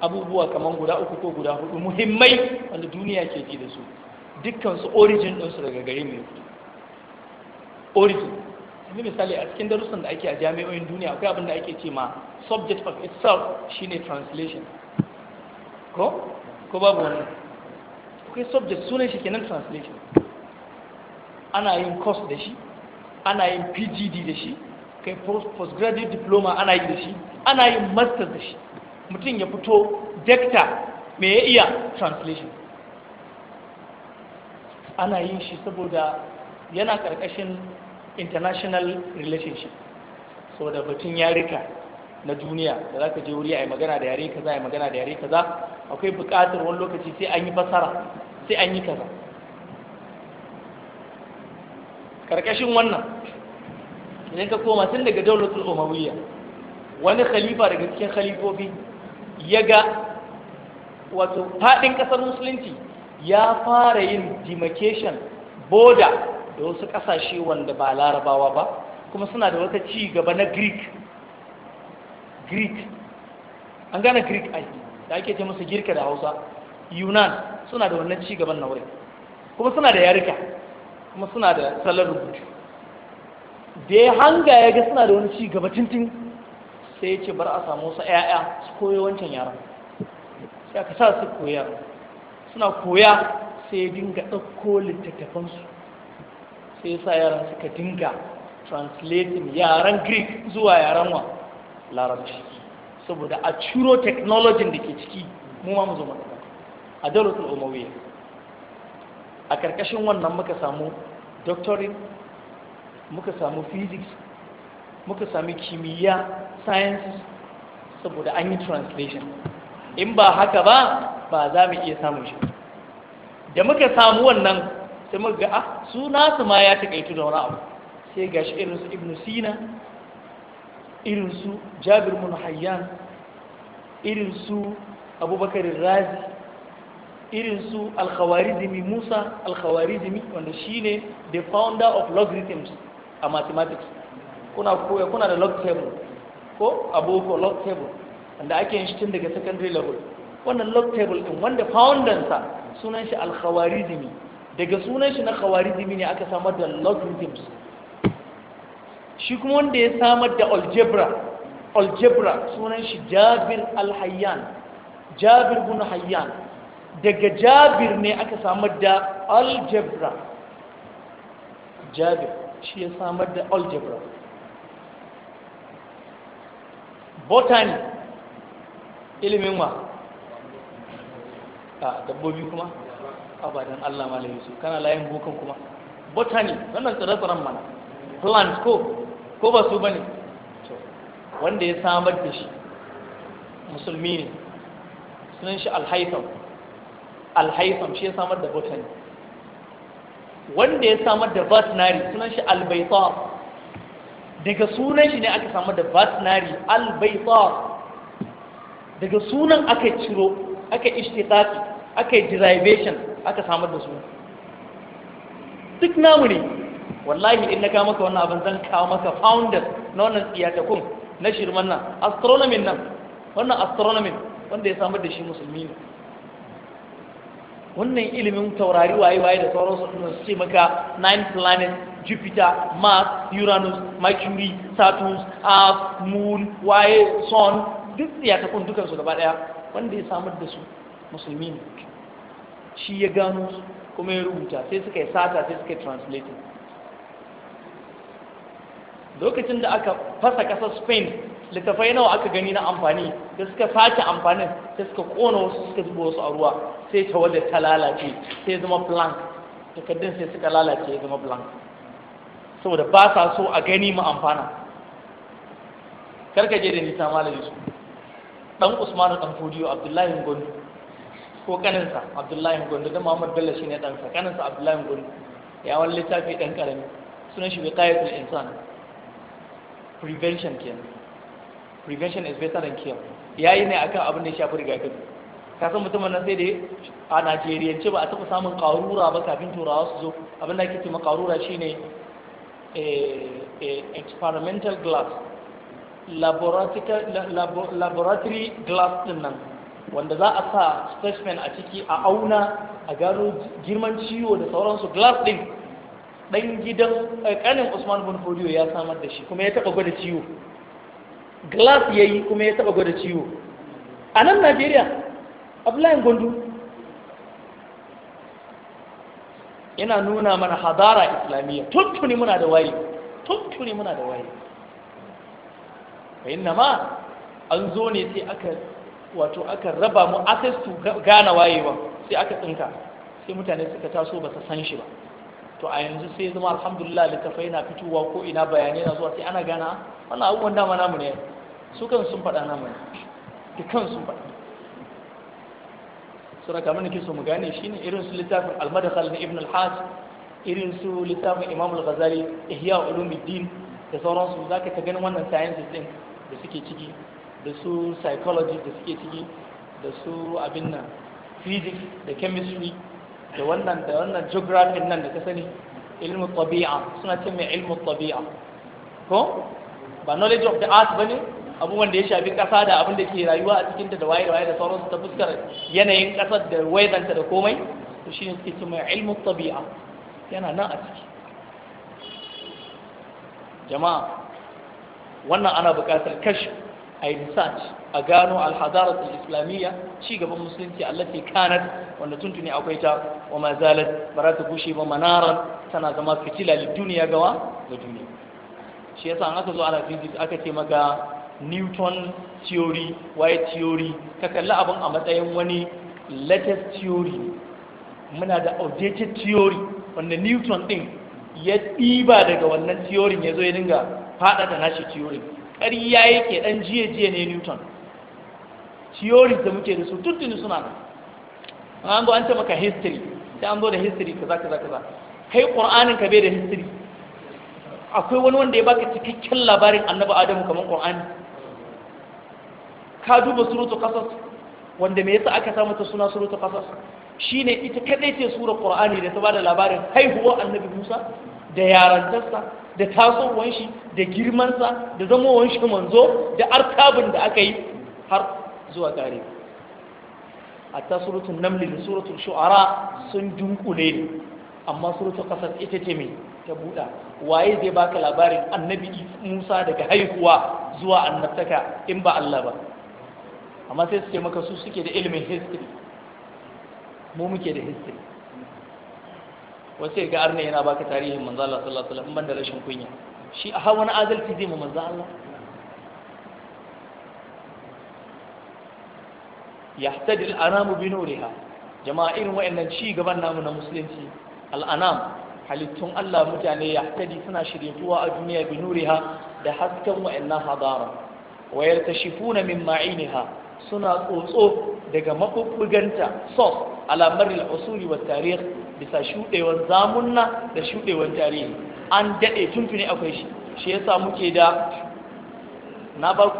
abubuwa kamar guda uku ko guda hudu muhimmai wanda duniya ke ji da su dukkan su origin su daga gare mai kudu origin yanzu misali a cikin darussan da ake a jami'oyin duniya akwai abin da ake ce ma subject of itself shine translation ko ko babu wani akwai subject sunan shi kenan translation ana yin course da shi ana yin pgd da shi kai postgraduate diploma ana yi da shi ana yin masters da shi mutum ya fito dekta mai ya iya translation ana yin shi saboda yana karkashin international relationship saboda batun yarika na duniya da za ka je wuri a yi magana da yare kaza a yi magana da yare kaza akwai bukatar wani lokaci sai an yi fasara sai an yi kaza karkashin wannan idan ka koma tun daga daulatul umawiyya wani khalifa daga cikin khalifofi ya ga wato faɗin ƙasar musulunci ya fara yin demarcation boda da wasu ƙasashe wanda ba larabawa ba kuma suna da wata ci gaba na greek greek an gane greek aiki. da ake ce musu girka da hausa yunan suna da wannan ci gaban na wurin kuma suna da yarika kuma suna da salon rubutu da ya hanga ya ga suna da wani ci gaba tintin sai ya ce bar a samu wasu 'ya'ya su koyo wancan yaran sai aka sa su koya suna koya sai ya dinga ɗauko littattafansu sai ya sa yaran suka dinga translating yaran greek zuwa yaran wa larabci saboda a ciro technology da ke ciki mu ma mu zo a dalatul umawiyya a ƙarƙashin wannan muka samu doctorate muka samu physics muka samu kimiyya sciences saboda an yi translation in ba haka ba ba za mu iya samun shi da muka samu wannan sai muka ga ah, su ma ya taƙaitu da wani abu sai ga shi irinsu ibn sina irinsu jabir mun hayyan irinsu abubakar razi irin su alkhawarizmi musa alkhawarizmi wanda shi ne the founder of logarithms a mathematics kuna koya kuna da log table ko aboko log table wanda ake yin shi tun daga secondary level wannan log table din wanda sa sunan shi alkhawarizmi daga sunan shi na khawarizmi ne aka samar da logarithms shi kuma wanda ya samar da algebra algebra sunan shi jabir alhayyan jabir bin hayyan daga jabir ne aka samar da algebra jabir shi ya samar da algebra botany ilimin wa a dabbobi kuma abadan allah malayi su kana layin bukan kuma botany wannan tsire mana plant ko ko ba su ba ne wanda ya samar da shi musulmi ne sunan shi alhaifar alhaifam shi ya samar da botany wanda ya samar da batinari sunan shi albaitar daga sunan shi ne aka samar da batinari albaitar daga sunan aka ciro aka ishtiqaqi aka derivation aka samar da sunan duk namu ne wallahi in na maka wannan abin zan kawo maka founder na wannan tsiyatakun na shirman nan astronomin nan wannan astronomin wanda ya samar da shi musulmi ne wannan ilimin taurari waye waye da sauransu su ce maka nine planet jupiter mars uranus mercury saturn earth moon waye sun duk ya tafi dukan su gaba daya wanda ya samar da su musulmi ne shi ya gano su kuma ya rubuta sai suka yi sata sai suka yi translating lokacin da aka fasa kasar spain littafai nawa aka gani na amfani da suka sace amfanin sai suka kona wasu suka zuba wasu a ruwa sai ta wadda ta lalace sai zama blank takardun sai suka lalace ya zama blank saboda ba sa so a gani mu amfana karkaje da nisa malami su dan usmanu dan fudiyo abdullahi gondo ko kaninsa abdullahi gondo da muhammad bello shine ɗansa kaninsa abdullahi gondo ya wani littafi ɗan ƙarami sunan shi bai kayatul insan prevention kenan prevention is better than cure yayi ne akan abin da ya shafi rigakafi ka san mutumin nan sai da a Najeriya ce ba a taɓa samun karura ba kafin turawa su zo abin da ake cewa shi shine eh, eh, experimental glass laboratory glass din nan wanda za a sa specimen a ciki a auna a gano girman ciwo da sauransu glass din dan gidan kanin eh, usman bin Fodio ya samar da shi kuma ya taɓa gwada ciwo glass ya yi kuma ya taba gwada ciwo a nan najeriya Abulayin gondu yana nuna mana hadara islamiyya tuntuni muna da waye tuntuni muna da waye bayan ma an zo ne sai aka wato aka raba mu access to gana wayewa sai aka tsinka sai mutane suka taso ba su san shi ba to a yanzu sai zama alhamdulillah littafai na fitowa ko ina bayanai na zuwa sai ana gana wannan abubuwan dama namu ne su kan sun faɗa namu ne da kan sun faɗa sura kamar nake so mu gane shine irin su littafin al na ibn al-hajj irin su littafin imam al-ghazali ihya ulumuddin da sauransu zaka ta gani wannan sciences din da suke ciki da su psychology da suke ciki da su abin nan physics da chemistry da wannan da wannan geographic nan da ka sani ilmu tabi'a suna ce mai ilmu tabi'a ko ba knowledge of the art bane abubuwan da ya shafi kasa da abin da ke rayuwa a cikin ta da waye da waye da sauransu ta fuskar yanayin kasar da waidanta da komai to shine suke ce mai ilmu tabi'a yana nan a ciki jama'a wannan ana buƙatar kashi a yi research a gano alhadarat al-islamiyya ci gaban musulunci ke kanar wanda tuntuni akwai ta wa mazalat zalat ba ta gushe ba manaran tana zama fitila da duniya gawa ga duniya shi yasa an aka zo ana physics aka ce maka newton theory why theory ka kalli abin a matsayin wani latest theory muna da outdated theory wanda newton din ya ɗiba daga wannan theory ya zo ya dinga faɗaɗa nashi theory ƙarya yake ɗan jiye-jiye ne newton theories da muke da su tuttuni suna nan an zo an ce maka history sai an zo da history kaza kaza kaza kai ƙor'anin ka bai da history akwai wani wanda ya baka cikakken labarin annabi adamu kamar qur'ani ka duba surutu ƙasas. wanda me yasa aka samu ta suna ƙasas. Shi shine ita kadai ce sura qur'ani da ta ba da labarin haihuwar annabi Musa da yarantarsa da tasowar shi da girmansa da zamowar shi manzo da arkabin da aka yi har zuwa a ta suratun namli da suratun shu'ara sun dunkule ne amma suratun kasar ita ce mai ta buɗa waye zai baka labarin annabi musa daga haihuwa zuwa annabtaka in ba allah ba amma sai su ce maka su suke da ilimin history mu muke da history wasu ga arna yana baka tarihin manzo Allah sallallahu alaihi wasallam da rashin kunya shi a na adalci zai mu manzo Allah yahtadi al-anamu bi nuriha jama'a irin wayannan ci gaban namu na musulunci al-anam halittun Allah mutane yahtadi suna shiryuwa a duniya bi nuriha da hasken wayannan hadara ta shifuna min ma'iniha suna tsotso daga mabubbuganta sof ala maril wa tarihi. bisa shuɗewar zamunna da shuɗewar tarihi an daɗe tuntuni akwai shi shi yasa muke da na ba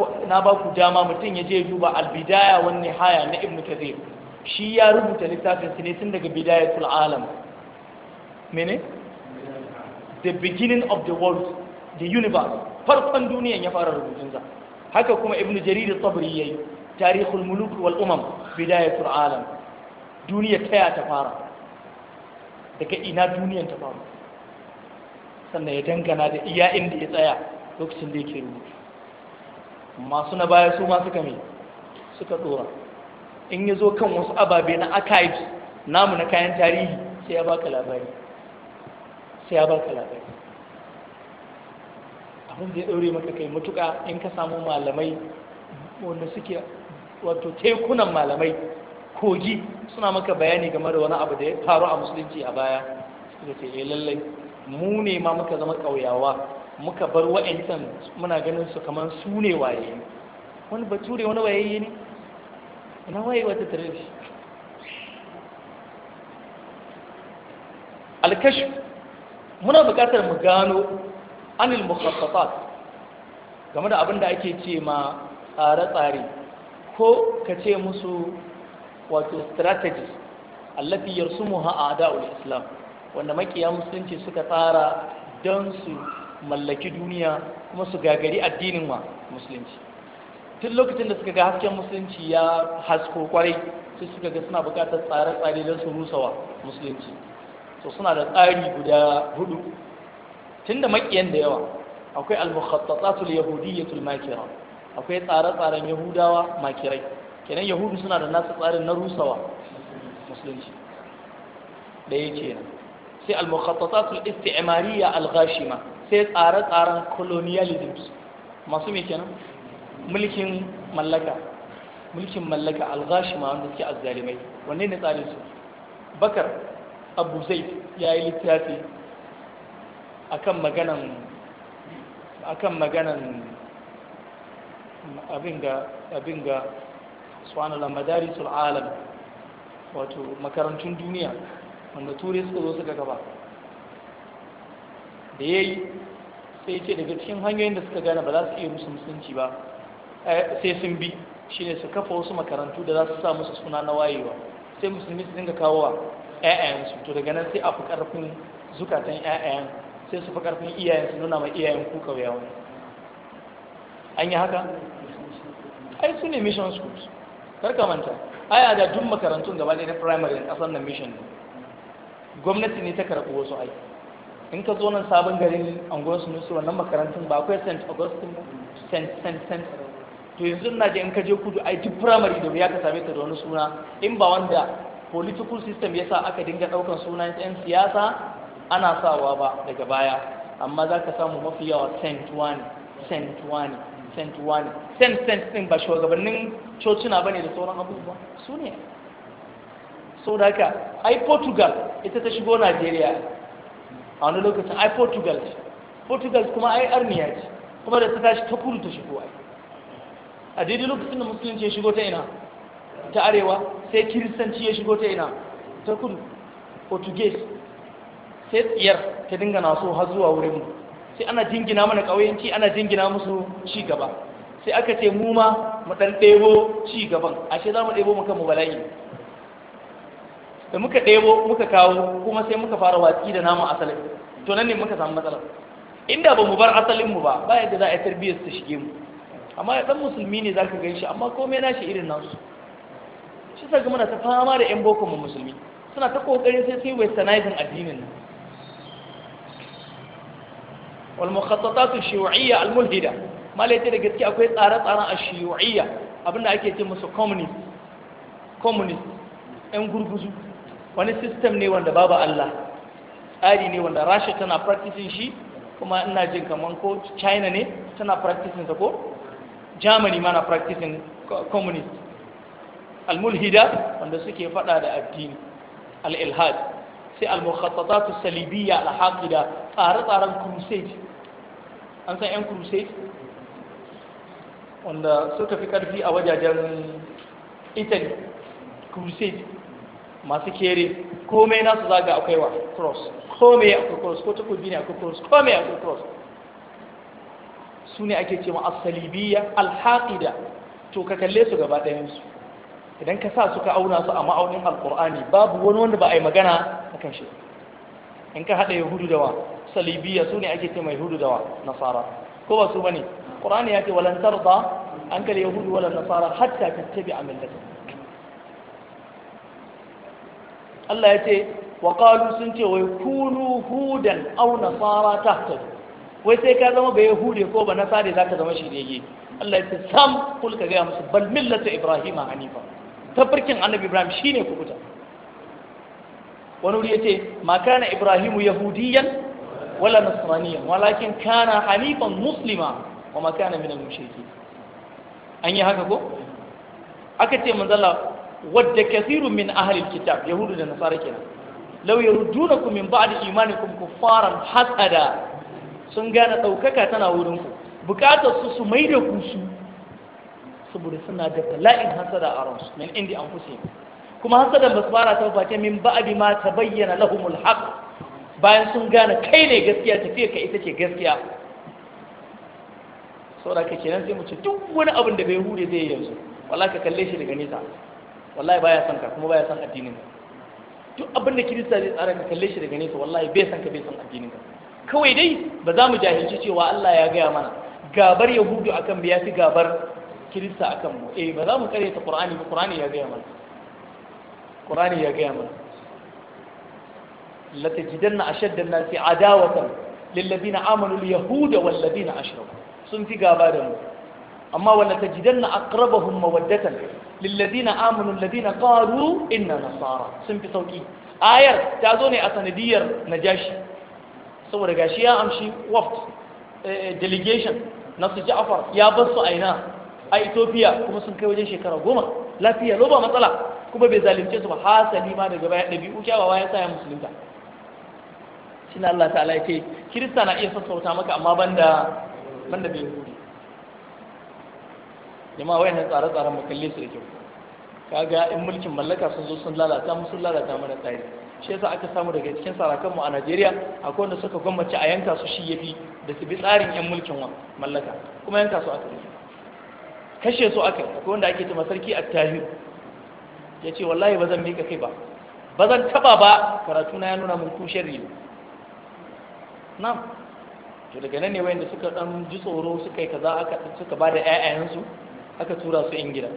ku dama mutum ya je duba albidaya wani haya na ibn kathir shi ya rubuta littafin su ne tun daga bidayatul alam mene the beginning of the world the universe farkon duniyan ya fara rubutunsa haka kuma ibn jarir ya yi tarihul muluk wal umam bidayatul alam duniya taya ta fara daga ina duniyan ta faru sannan ya dangana da iya inda ya tsaya lokacin da yake rubutu masu na baya su masu suka suka tsora. in ya zo kan wasu ababe na archives namu na kayan tarihi sai ya baka labari sai ya baka labari abin da ya ɗaure maka kai matuƙa in ka samu malamai wanda suke wato tekunan malamai kogi suna maka bayani game da wani abu da ya faru a musulunci a baya suka ce eh lallai mu ne ma muka zama ƙauyawa muka bar wa'ancan muna ganin su kamar su ne waye wani bature wani waye ne ina waye wata tare shi alkashi muna buƙatar mu gano anil mukhassasat game da abin da ake ce ma tsare-tsare ko ka ce musu wato strategies allati yarsumuha a'da'ul islam wanda makiya musulunci suka tsara don su mallaki duniya kuma su gagari addinin wa musulunci tun lokacin da suka ga hasken musulunci ya hasko kwarai su suka ga suna bukatar tsare-tsare don su rusawa musulunci so suna da tsari guda hudu tun da makiyan da yawa akwai al-mukhattatatul yahudiyyatul makira akwai tsare-tsaren yahudawa makirai kenan yahudu suna da nasu tsarin na rusawa musulunci ɗaya kenan sai al-mukhattatatul isti'mariya al-ghashima sai tsare-tsaren colonialism masu mai kenan mulkin mallaka mulkin mallaka al-ghashima wanda suke azzalimai wanne ne tsarin su bakar abu zaid ya yi littafi akan maganan akan maganan abin ga abin ga subhanallah madarisul alam wato makarantun duniya wanda turai suka zo suka gaba da ya yi sai ce daga cikin hanyoyin da suka gane ba za su iya musu musulunci ba eh, sai sun bi shi ne su kafa wasu makarantu da za su sa musu suna na wayewa sai musulmi su dinga kawo wa su, to daga nan sai a fi karfin zukatan ƴaƴayen sai su fi ƙarfin iyayen su nuna mai iyayen ku kauyawa an yi haka ai su ne mission schools karka manta ai da duk makarantun gaba da primary a ƙasar nan mission ne gwamnati ne ta karɓi wasu ai in ka zo nan sabon garin anguwar su nusu wannan makarantun ba akwai st augustine ba st st st to yanzu na je in ka je kudu ai duk primary da ya ka same ta da wani suna in ba wanda political system ya sa aka dinga ɗaukar sunan 'yan siyasa ana sawa ba daga baya amma za ka samu mafi yawa st wani st wani saint wani saint saint din ba shugabannin cocina ba ne da sauran abubuwa su ne sau da haka ai portugal ita ta shigo najeriya a wani lokacin ai portugal ce portugal kuma ai armiya ce kuma da ta tashi ta kudu ta shigo ai a daidai lokacin da musulunci ya shigo ta ina ta arewa sai kiristanci ya shigo ta ina ta kudu portuguese sai tsiyar ta dinga naso har zuwa wurin mu sai ana jingina mana ƙauyenci ana jingina musu ci gaba sai aka ce mu ma mu ɗan ɗebo ci gaban ashe za mu ɗebo mu bala'i da muka ɗebo muka kawo kuma sai muka fara watsi da namun asalin to nan ne muka samu matsalar inda ba mu bar asalinmu ba ba yadda za a yi tarbiyyar ta shige mu amma ya ɗan musulmi ne za ka gan shi amma komai na shi irin nasu shi sa ga muna ta fama da yan boko mu musulmi suna ta ƙoƙarin sai sai westernizing addinin nan wal mukhassatatu shiyu'iyya al mulhida malaita da gaske akwai tsare-tsaren a shiyu'iyya abinda ake ce musu communist communist ɗan gurguzu wani system ne wanda babu Allah tsari wanda Rasha tana practicing shi kuma ina jin kaman ko China ne tana practicing sa Germany ma practicing communist al wanda da addini al-ilhad sai al-mukhattatat salibiyya al-haqida tsare-tsaren crusade an san 'yan crusade wanda suka fi karfi a wajajen italy crusade masu kere komai nasu zaga akwai wa cross komai akwai cross ko takobi ne akwai cross komai akwai cross su ne ake ce ma asalibiya da to ka kalle su gaba su idan ka sa suka auna su a ma'aunin alƙur'ani babu wani wanda ba a yi magana a kan shi in ka haɗa yahudu da wa salibiya su ne ake ce mai yahudu da wa nasara ko ba su bane qur'ani ya ce walan tarda an kal yahudu walan nasara hatta tattabi'a millatahum Allah ya ce wa qalu sun ce wai kunu hudan aw nasara tahtadu wai sai ka zama ba yahude ko ba nasara zaka zama shi ne Allah ya ce sam kul ka ga musu bal millata ibrahima hanifa tafarkin annabi ibrahim shine kubuta wani wuri ya ma makana ibrahimu yahudiyan wala nasraniyan walakin kana hanifan muslima wa ma kana minal mushrikin an yi haka ko aka ce manzala wadda kathirun min ahli kitab yahudu da nasara kenan law ku min ba'di imanikum kuffaran hasada sun gane daukaka tana wurin ku bukatar su su maida ku su saboda suna da la'in hasada a ransu min indi anfusihim kuma hasadan ba su fara ta face min ba'di ma tabayyana lahumul haqq bayan sun gane kai ne gaskiya tafiya ka ita ce gaskiya saboda ka kenan sai mu ce duk wani abin da bai hure zai yanzu wallahi ka kalle shi daga nesa wallahi baya son ka kuma baya son addinin ka duk abin da kirista zai tsara ka kalle shi daga nesa wallahi bai son ka bai son addinin ka kawai dai ba za mu jahilci cewa Allah ya gaya mana gabar yahudu akan biya fi gabar kirista akan mu eh ba za mu kare ta qur'ani ba qur'ani ya gaya mana ƙurani ya gaya mana Lata na latajidanna ashaddan nasi adawatan lillazina amanu yahuda wal na ashraku sun fi gaba da mu amma wala tajidanna aqrabahum mawaddatan lillazina amanu alladhina qalu inna nasara sun fi sauki ayar ta zo ne a sanadiyar najashi saboda gashi ya amshi waft eh, delegation na su ja'afar ya bar su aina a ethiopia kuma sun kai wajen shekara goma lafiya lo ba matsala kuma bai zalunce su ba hasali ma daga baya ɗabi'u kyawawa ya sa ya musulunta shi na Allah ta'ala ya ce kirista na iya sassauta maka amma banda banda bai hudi jama'a wayannan tsare-tsaren makalle su da kyau kaga in mulkin mallaka sun zo sun lalata mu sun lalata mana tsari shi yasa aka samu daga cikin sarakan mu a Najeriya akwai wanda suka gwammace a yanka su shi yafi da su bi tsarin yan mulkin mallaka kuma yanka su aka kashe su aka yi akwai wanda ake tuma sarki at-tahir ya ce wallahi ba zan miƙa kai ba ba zan taɓa ba karatu na ya nuna mun kushe riyo na to daga nan ne wayanda suka ɗan ji tsoro suka yi kaza aka suka ba da ƴaƴayensu aka tura su gida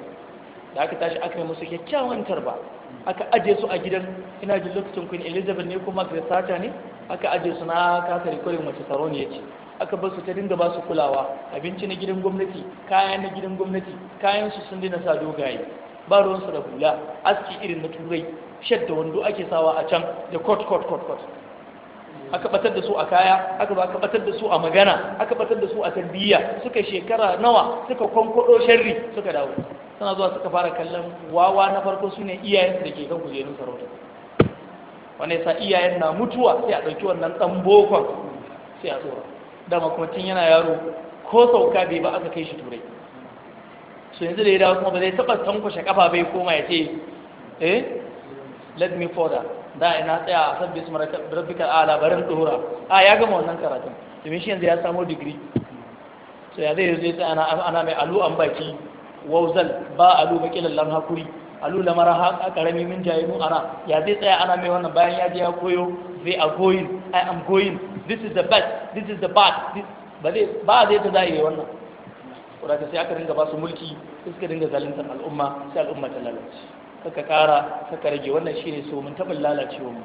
da aka tashi aka yi musu kyakkyawan tarba aka aje su a gidan ina ji lokacin queen elizabeth ne kuma grisata ne aka aje su na kakari kwarin mace saroni ya ce aka bar su ta dinga ba su kulawa abinci na gidan gwamnati kayan na gidan gwamnati kayan su sun dina sa dogaye ba su da hula aski irin na turai shadda wando ake sawa a can da kot kot kot court aka batar da su a kaya aka ba batar da su a magana aka batar da su a tarbiyya suka shekara nawa suka kwankwado sharri suka dawo suna zuwa suka fara kallon wawa na farko su ne iyayen da ke kan kujerun sarauta Wani yasa iyayen na mutuwa sai a ɗauki wannan ɗan bokon sai a tsora dama kuma tun yana yaro ko sauka bai ba aka kai shi turai so yanzu da ya dawo kuma ba zai taɓa tankwashe kafa bai koma ya ce eh let me further da ina tsaya a sabbi su marabbikar a labarin tsohura a ya gama wannan karatun domin shi yanzu ya samu digiri so ya zai zai tsaya ana ana mai alu an baki wauzal ba alu baki lallan hakuri alu lamara ha karami min jayinu ana ya zai tsaya ana mai wannan bayan ya je ya koyo zai a going i am going this is the best this is the bad ba zai ta zai wannan saboda sai aka dinga ba su mulki su suka dinga zalintar al'umma sai al'umma ta lalace kaka kara kaka rage wannan shi ne so mun taɓa lalacewa mu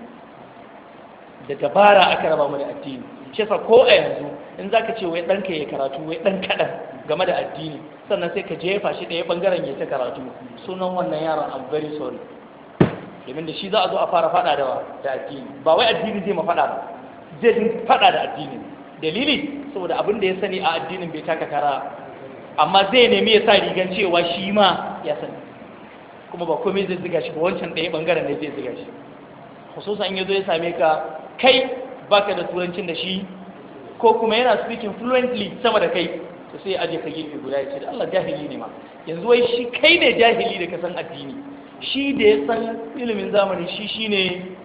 da dabara aka raba mu da addini shi ko a yanzu in za ka ce wai ɗanka ya karatu wai ɗan kaɗan game da addini sannan sai ka jefa shi ɗaya ɓangaren ya ta karatu sunan wannan yaron I'm very sorry domin da shi za a zo a fara faɗa da addini ba wai addini zai ma faɗa ba zai faɗa da addini dalili saboda abin da ya sani a addinin bai taka kara amma zai nemi ya sa rigan cewa shi ma ya sani kuma ba komai zai ziga shi ba wancan ɗaya ɓangaren da zai ziga shi khususan yanzu ya same ka kai baka da turancin da shi ko kuma yana speaking fluently sama da kai to sai aje ka gefe guda ya ce da Allah jahili ne ma yanzu wai shi kai ne jahili da ka san addini shi da ya san ilimin zamani shi shine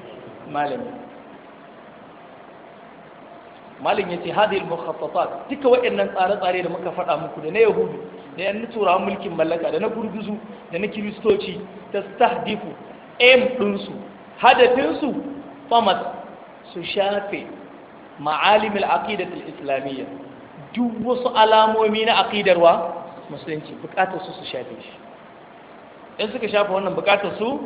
malami malin yace hadhihi al-mukhattatat duka waɗannan tsare-tsare da muka faɗa muku da na yahudu da yan turawan mulkin mallaka da na gurguzu da na kiristoci ta tahdifu aim ɗinsu hadafinsu famat su shafe ma'alim al-aqidat al-islamiyya duk wasu alamomi na aqidarwa musulunci bukatar su su shafe shi in suka shafe wannan bukatar su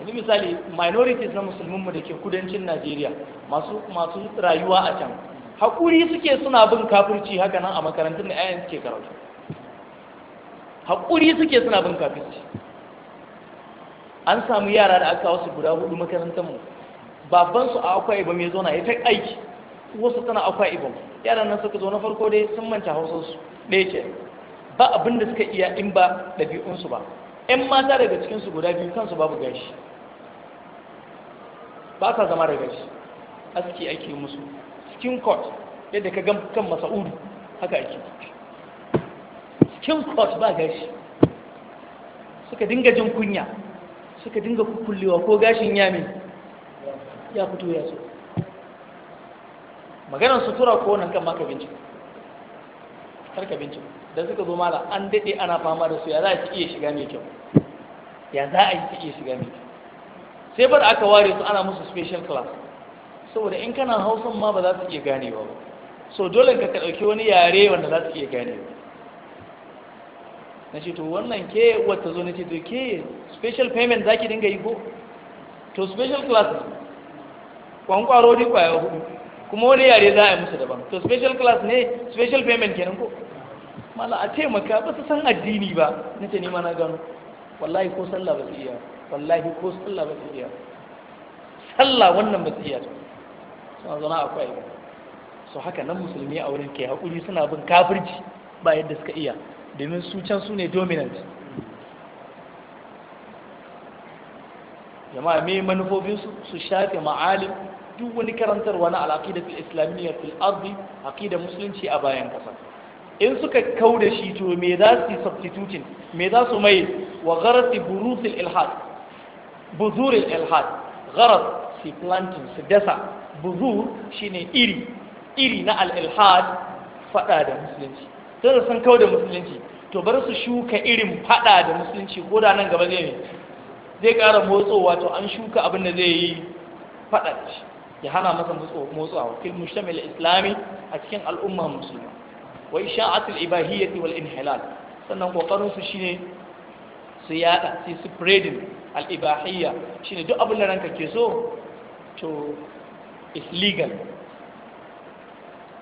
yanzu misali minorities na musulminmu da ke kudancin najeriya masu masu rayuwa a can haƙuri suke suna bin kafirci haka nan a makarantun da 'ya'yan suke karatu haƙuri suke suna bin kafirci an samu yara da aka wasu guda hudu makarantarmu babansu a akwai ibam ya zauna ya ta aiki wasu tana akwai ibam yaran nan suka zo na farko dai sun manta su. ɗaya ce, ba abin da suka iya in ba ɗabi'unsu ba 'yan mata daga cikinsu guda biyu kansu babu gashi ba sa zama da gashi aski ake musu skin court yadda ka gan kan masa'udu haka ake skin court ba gashi suka dinga jin kunya suka dinga kukullewa ko gashin yami ya fito ya so maganar sutura ko wannan kan maka bincika karka bincika da suka zo mala an daɗe ana fama da su ya za a iya shiga mai kyau ya za a yi iya shiga mai kyau sai bar aka ware su ana musu special class saboda in kana hausan ma ba za su iya ganewa ba so dole ka ka dauki wani yare wanda za su iya ganewa na ce to wannan ke wata zo na ce to ke special payment za ki dinga yi ko to special class kwankwaro ne kwaya hudu kuma wani yare za a yi musu daban to special class ne special payment kenan ko mala a taimaka ba su san addini ba na ce ni ma na gano wallahi ko sallah ba iya wallahi ko sallah ba iya sallah wannan ba su iya suna zama akwai su haka nan musulmi a wurin ke hakuri suna bin kafirci ba yadda suka iya domin su can su ne dominant jama'a mai manufofin su shafe ma'alim duk wani karantarwa na da fil islamiyya fil ardi aqida musulunci a bayan kasa in suka kau da shi to me za su yi substitutin me za su mai wa su burusil ilhad Buzurin ilhad gharas su plantin, su dasa buzur shi ne iri iri na alilhad ilhad fada da musulunci sai sun kau da musulunci to bar su shuka irin fada da musulunci ko da nan gaba zai zai ƙara motsowa to an shuka abin da zai yi fada da shi ya hana masa motsowa fil mustamil islami a cikin al'umma musulma wa sha'atul ibahiyyati wal inhilal sannan kokarin su shine su yada su spreading al ibahiyya shine duk abin da ranka ke so to is legal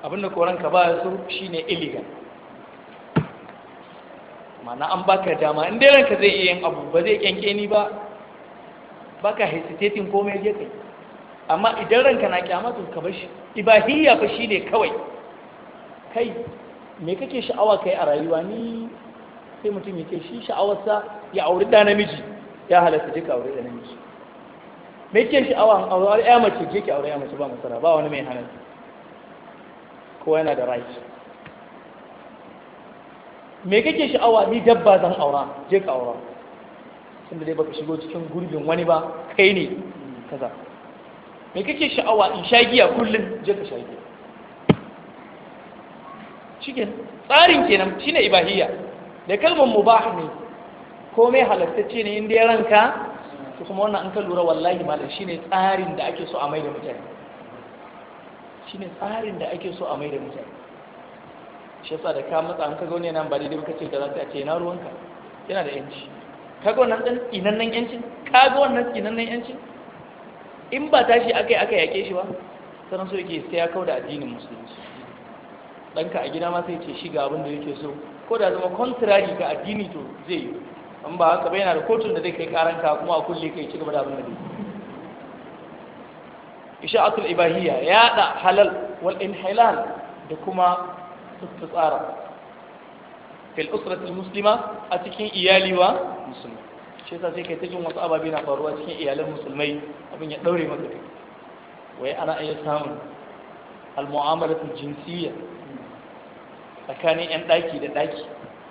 abin da ko ranka ba su shine illegal mana an baka dama in dai ranka zai iya yin abu ba zai kyanke ni ba baka hesitating komai je kai amma idan ranka na kyamata ka bar shi ibahiyya ba shine kawai kai me kake sha'awa kai a rayuwa ni sai mutum ya ce shi sha'awarsa ya auri da namiji ya halatta je ka aure da namiji me ke sha'awa an aure ya mace je ki aure ya mace ba masara ba wani mai hana kowa yana da rai me kake sha'awa ni dabba zan aura je ka aura da dai baka shigo cikin gurbin wani ba kai ne kaza me kake sha'awa in sha giya kullum je ka sha giya cikin tsarin kenan shine ibahiyya da kalmar mubah ne komai halattacce ne inda ya ranka su kuma wannan an ka lura wallahi malam shine tsarin da ake so a da mutane shine tsarin da ake so a da mutane shi yasa da ka matsa an ka zaune nan ba daidai ba kace da za ta ce na ruwanka yana da yanci kaga wannan dan inannen yancin kaga wannan inannan yancin in ba tashi akai aka yake shi ba sanan so yake sai ya kauda addinin musulunci ɗanka a gida ma sai ce shiga abin da yake so ko da zama contrary ga addini to zai yi in ba haka ba yana da kotun da zai kai karanka kuma a kulle kai ci gaba da abin da zai isha'atul ibahiyya yaɗa halal wal inhilal da kuma tsara fil usratil muslima a cikin iyali wa musulmi shi yasa sai kai ta wasu ababe na faruwa cikin iyalan musulmai abin ya daure maka kai wai ana iya samun al mu'amalatul jinsiyya tsakanin 'yan ɗaki da ɗaki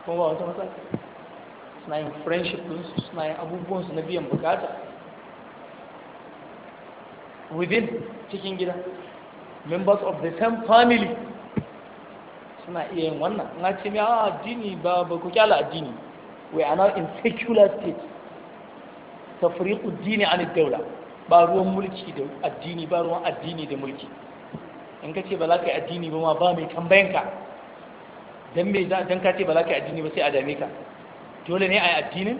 kuma ba wata matsala suna yin friendship su suna yin abubuwansu na biyan bukata within cikin gida members of the same family suna iya yin wannan na ce mai a ah, addini ba ba ku kyala addini we are now in secular state tafriqu dini an daula ba ruwan mulki da addini ba ruwan addini da mulki in ka ce ba za ka yi addini ba ma ba mai tambayanka dan me za dan ka ce ba za ka yi addini ba sai a dame ka dole ne a yi addinin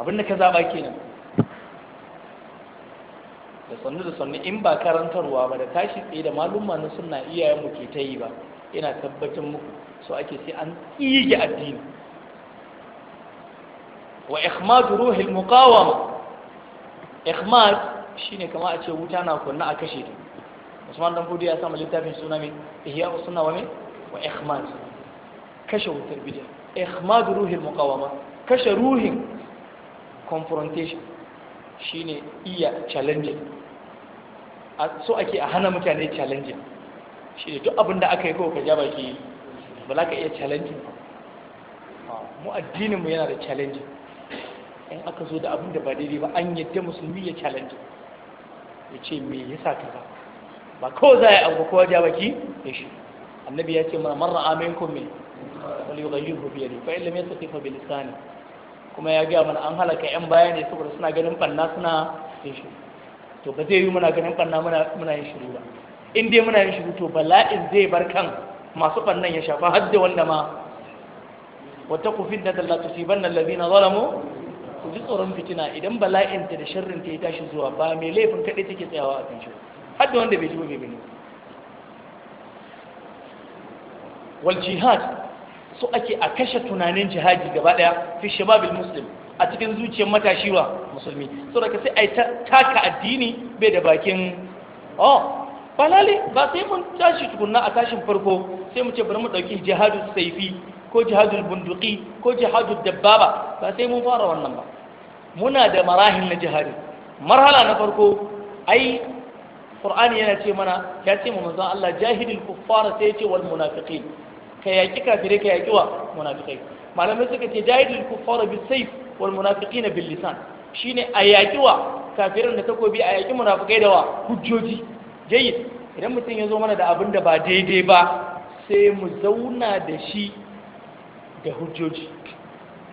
abinda ka zaba kenan da sannu da sannu in ba karantarwa ba da tashi tsaye da malumma na sunna iyayen mu ke ta yi ba ina tabbatar muku so ake sai an tsige addini wa ikhmad ruhil muqawama ikhmad shine kama a ce wuta na kunna a kashe ta Usman dan Fudi ya sa samu littafin suna mai Ihya Usna wa mai wa ikhmad kashe wutar bid'a ihmad ruhin muqawama kashe ruhin confrontation shine iya challenging so ake a hana mutane challenging shi ne duk abin da aka yi kawai ka ja baki ba za ka iya challenging ba mu addinin mu yana da challenging in aka zo da abin da ba daidai ba an yadda musulmi ya challenging ya ce me yasa ka ba ba kowa za a yi abu kowa ja baki ya shi annabi ya ce mana marra aminkum min falyughayyirhu bi yadihi fa in lam yastati fa bilisani kuma ya gaya mana an halaka yan baya ne saboda suna ganin ɓanna suna yin shiru to ba zai yi muna ganin ɓanna muna yin shiru ba in dai muna yin shiru to bala'in zai bar kan masu ɓannan ya shafa har da wanda ma wata kufin fitna da la tusiban nan ladina zalamu ku ji tsoron fitina idan bala'in ta da sharrin ta ya tashi zuwa ba mai laifin kaɗai take tsayawa a kan shi har da wanda bai ji ba bai bane wal jihad so ake a kashe tunanin jihadi gaba daya fi shababil muslim a cikin zuciyar matashi musulmi so da ka sai ai taka addini bai da bakin oh ba lale ba sai mun tashi tukunna a tashin farko sai mu ce bari mu dauki jihadu saifi ko jihadul bunduki ko jihadul dabbaba ba sai mun fara wannan ba muna da marahil na jihadi marhala na farko ai qur'ani yana ce mana ya ce mu manzon Allah jahidul kuffara sai ya ce wal munafiqin ka yaki kafirai ka wa munafikai malamai suka ce jahilul kuffara bi sayf wal munafiqina bil lisan shine a wa kafirin da takobi a yaki munafikai da wa hujjoji jayyid idan mutum ya zo mana da abin ba daidai ba sai mu zauna da shi da hujjoji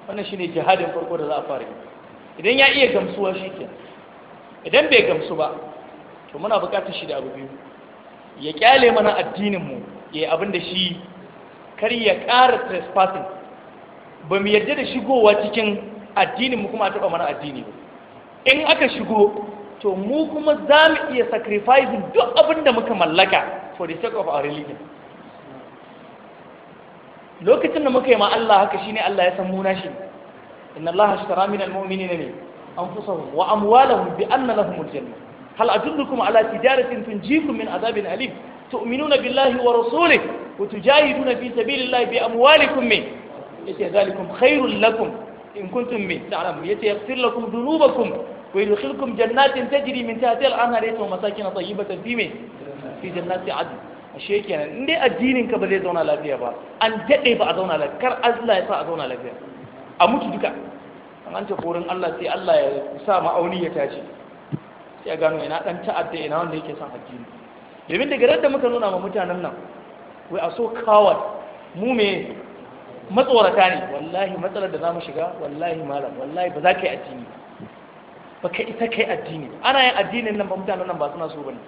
wannan shine jihadin farko da za a fara yi idan ya iya gamsuwa shi ke idan bai gamsu ba to muna bukatar shi da abu biyu ya kyale mana addinin mu ya yi abin shi kar ya ƙara trespassing ba mu yarda da shigowa cikin addinin mu kuma a taɓa mana addini ba in aka shigo to mu kuma za mu iya sacrificing duk abin da muka mallaka for the sake of our religion lokacin da muka yi ma Allah haka shine Allah ya san muna shi inna Allah ashtara min almu'minina ne anfusahum wa amwalahum bi anna lahum aljanna hal adullukum ala tijaratin tunjikum min adabin alim tu'minuna billahi wa rasulih wa tujahiduna fi sabilillahi bi amwalikum me yace zalikum khairul in dai addinin ka ba zai zauna ba an a zauna lafiya kar Allah ya sa a zauna lafiya a sa ma'auni ya gano wanda yake son addini domin daga da muka nuna ma mutanen nan we are so coward mu me matsorata ne wallahi matsalar da za mu shiga wallahi malam wallahi ba za ka yi addini ba ka ita yi addini ana yin addinin nan ba mutanen nan ba suna so bane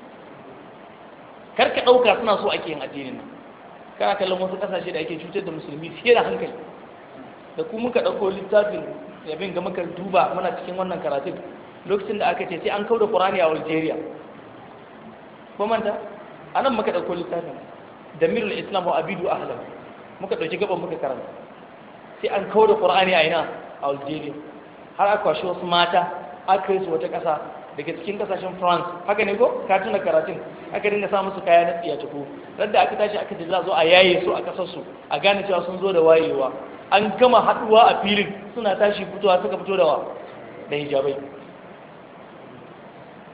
kar ka ɗauka suna so ake yin addinin nan kana kallon wasu ƙasashe da ake cutar da musulmi fiye da hankali da ku muka ɗauko littafin yabin ga muka duba muna cikin wannan karatun lokacin da aka ce sai an kau da ƙurani a algeria ko manta anan muka dauko littafin da damirul islam wa abidu ahlam muka dauki gaban muka karanta sai an kawo da qur'ani a ina a algeria har aka shi wasu mata aka yi wata kasa daga cikin kasashen france haka ne ko ka tuna karatun aka dinga sa su kaya na tsiyaci ko radda aka tashi aka ji za zo a yaye su a kasar su a gane cewa sun zo da wayewa an gama haɗuwa a filin suna tashi fitowa suka fito da wa da hijabai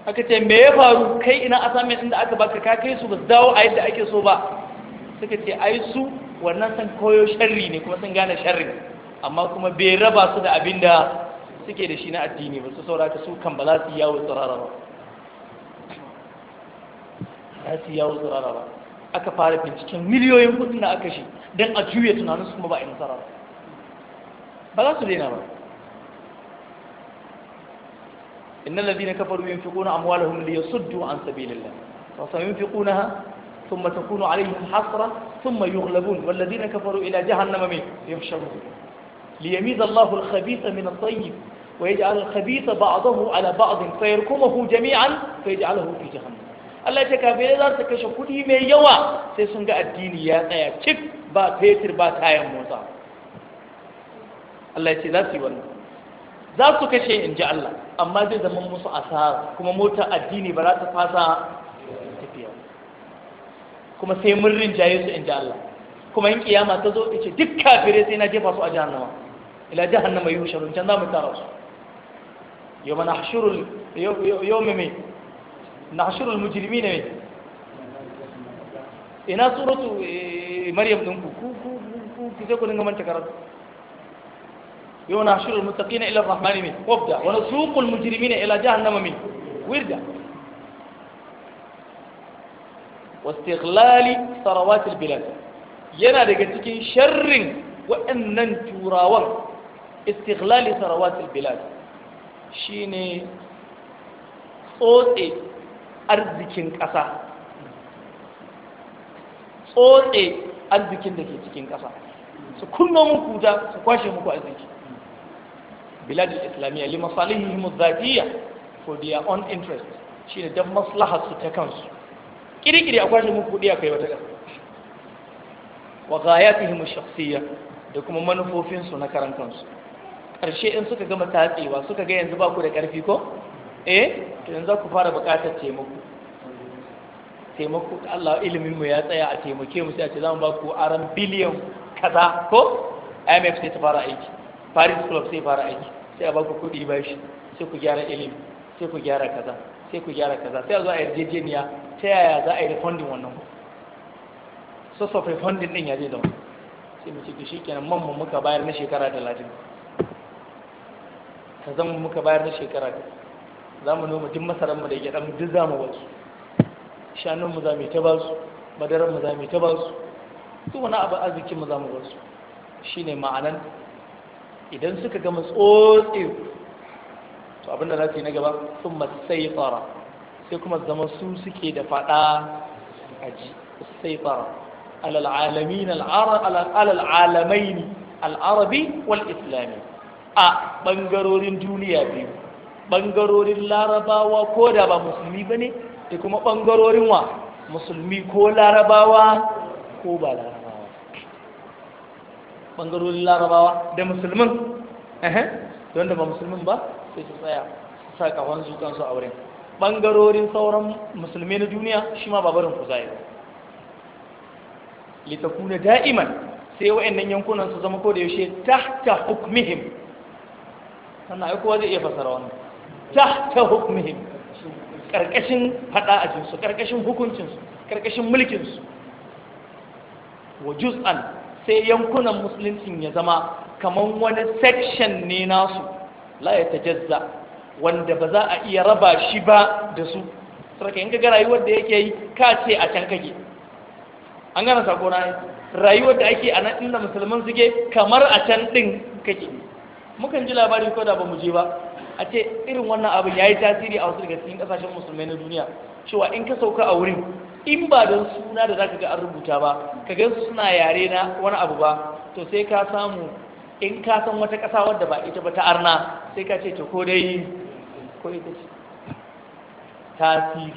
aka ce me ya faru kai ina assignment inda aka baka ka kai su ba dawo a yadda ake so ba suka ce ai su wannan san koyo sharri ne kuma sun gane sharri amma kuma bai raba su da abin da suke da shi na addini ba su sauraka su kan ba za su yawo tsirara ba za su yawo tsirara ba aka fara binciken miliyoyin kudin da aka shi don a juya tunanin su kuma ba a yi nasara ba za su daina ba innal ladina kafaru yunfiquna amwalahum liyasuddu an sabilillah fa sayunfiqunaha thumma takunu alaihim hasra thumma yughlabun wal ladina kafaru ila jahannama min yahsharun liyamiza Allahu al-khabitha min at-tayyib wa yaj'al al-khabitha ba'dahu ala ba'd jami'an Allah ta kafirai za su kashe kuɗi mai yawa sai sun ga addini ya tsaya cik ba fetur ba tayan motsa Allah ce za su yi wannan za su kashe in ji Allah amma zai zama musu asara kuma motar addini ba za ta fasa tafiya kuma sai mun rinjaye su in ji Allah kuma yin kiyama ta zo ce duk kafirai sai na jefa su a jahannama ila jahannama yusharun can za mu tara su yawma nahshurul yawma mai nahshurul mujrimina ina suratu maryam din ku ku ku ku ku manta yau na shirin mutaƙina ilar rahmani ne wabda wani suƙul yana daga cikin sharrin waɗannan turawan istiklali sarawatul bilad shine tsotse arzikin ƙasa tsotse da ke cikin ƙasa su kunno muku wuta su kwashe muku arziki bilad islamiyya li masalihihim adh for their own interest shine dan maslahar su ta kansu kirkiri a kwashe muku kudi a kai wata ƙasa wa ghayatihim ash da kuma manufofinsu na karan kansu karshe in suka gama tatsewa suka ga yanzu ba ku da ƙarfi ko eh to yanzu ku fara buƙatar taimako taimako Allah ilimin mu ya tsaya a taimake mu sai a ce za mu ba ku aran biliyan kaza ko IMF sai ta fara aiki Paris Club sai fara aiki sai a baku kuɗi shi, sai ku gyara ilimi sai ku gyara kaza sai ku gyara kaza sai a zo a yarjejeniya ta yaya za a yi refundin wannan source of refundin din ya je zama sai mu ce shi kenan man mu muka bayar na shekara talatin ka zama muka bayar na shekara za mu noma duk masarar mu da ya dan duk za mu ba su shanun mu za mu ta ba su madarar mu za mu ta ba su duk wani abu arzikin mu za mu ba su shine ma'anan idan suka gama tsotse to abinda za su yi na gaba sun masai fara sai kuma zama su suke da fada a ji sai fara alal'alamin ne. al'arabi wal islami a ɓangarorin duniya biyu ɓangarorin larabawa ko da ba musulmi ba ne da kuma ɓangarorin wa musulmi ko larabawa ko ba larabawa Ɓangarorin larabawa da musulmin don da ba musulmin ba sai su tsaya su sa kafan zukansu a wurin Ɓangarorin sauran musulmai na duniya shi ma babarin ku zai litakuna da'iman sai wa'annan yankunan su zama ko da yaushe ta hukmihim sannan ai kowa zai iya fasara wannan ta hukmihim Ƙarƙashin haɗa a jinsu ƙarƙashin hukuncinsu ƙarƙashin mulkinsu wa juz'an sai yankunan musuluncin ya zama kamar wani section ne nasu la ya tajazza wanda ba za a iya raba shi ba da su sarka in ga rayuwar da yake yi ka ce a can kake an gana sako na rayuwar da ake a nan inda musulman suke kamar a can din kake mukan ji labari ko da ba mu je ba a ce irin wannan abin ya yi tasiri a wasu daga cikin kasashen musulmai na duniya cewa in ka sauka a wurin in ba don suna da za ka ga an rubuta ba ka gan suna yare na wani abu ba to sai ka samu in ka san wata ƙasa wadda ba ita ba ta arna sai ka ce ta ko dai ko ita ce tasiri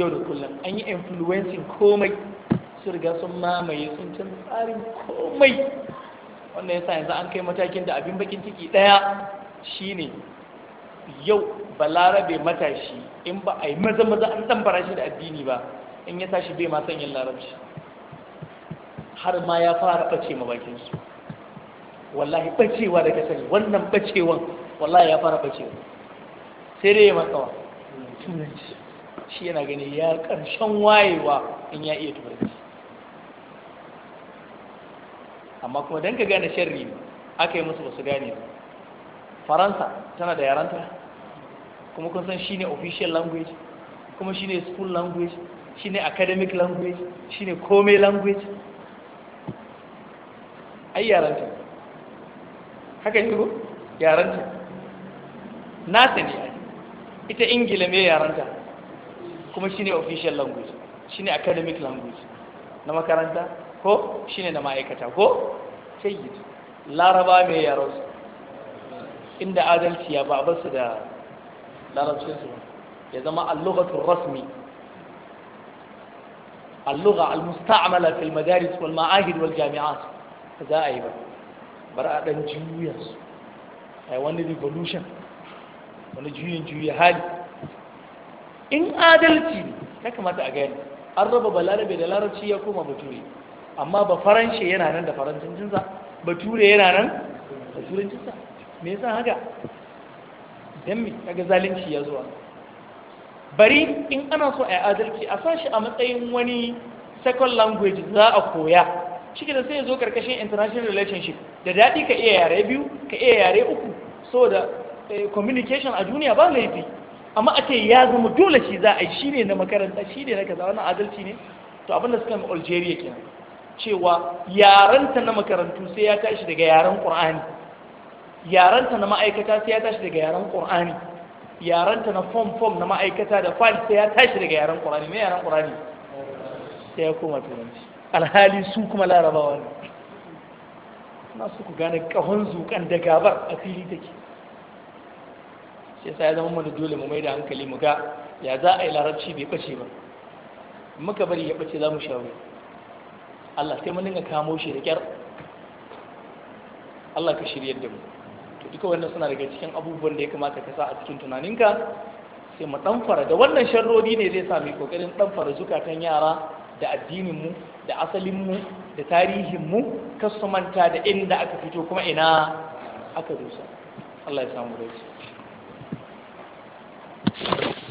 yau da kullum an yi influencing komai su riga sun mamaye sun can tsarin komai wannan yasa yanzu an kai matakin da abin bakin ciki ɗaya shine yau balarabe matashi in ba a yi maza maza an tambara shi da addini ba in ya tashi bai ma sanyin larabci har ma ya fara bace ma bakinsu wallahi bacewa da ka wannan bacewan wallahi ya fara bacewa sai dai ya matsawa turanci shi yana gani ya karshen wayewa in ya iya turanci amma kuma don ka gane sharri aka yi musu ba su gane ba faransa tana da yaranta kuma kun san shine official language kuma shine school language shine academic language shine komai language ai yaranta haka ne ko yaranta na sani ita ingila mai yaranta kuma shine official language shine academic language na makaranta ko shine na ma'aikata ko sai laraba mai yaransu inda adalci ya ba basu da larabcin su ya zama al-lughatul rasmi al-lugha al-musta'mala fil madaris wal ma'ahid wal jami'at za a yi ba bar a dan juya su ai wani revolution wani juyin juya hali in adalci ta kamata a gani an raba balarabe da larabci ya koma bature amma ba faranshe yana nan da faransancinsa bature yana nan da turancinsa me yasa haka Dan mai kaga zalunci ya zuwa bari in ana so a yi adalci a sashi a matsayin wani second language za a koya ciki da sai ya zo karkashin international relationship da daɗi ka iya yare biyu ka iya yare uku so da eh, communication a duniya ba laifi amma a ce ya zama dole shi za a yi shi ne na makaranta shi ne na kaza wannan adalci ne to abin da suka yi algeria kenan cewa yaranta na makarantu sai ya tashi daga yaren qur'ani yaranta na ma'aikata sai ya tashi daga yaren qur'ani yaranta na form form na ma'aikata da file sai ya tashi daga yaren qur'ani me yaren qur'ani sai ya koma turanci alhali su kuma larabawa ne na su ku gane kahon zukan da gabar a fili take sai sai ya zama mana dole mu mai da hankali mu ga ya za a yi larabci bai bace ba muka bari ya bace za mu shawo Allah sai mun dinga kamo shi da kyar Allah ka shiryar da mu to duka wannan suna daga cikin abubuwan da ya kamata ka sa a cikin tunaninka sai mu ɗanfara da wannan sharrodi ne zai sami kokarin ɗanfara zukatan yara da addininmu da asalinmu da tarihinmu manta da inda aka fito kuma ina aka dusa Allah ya samu rai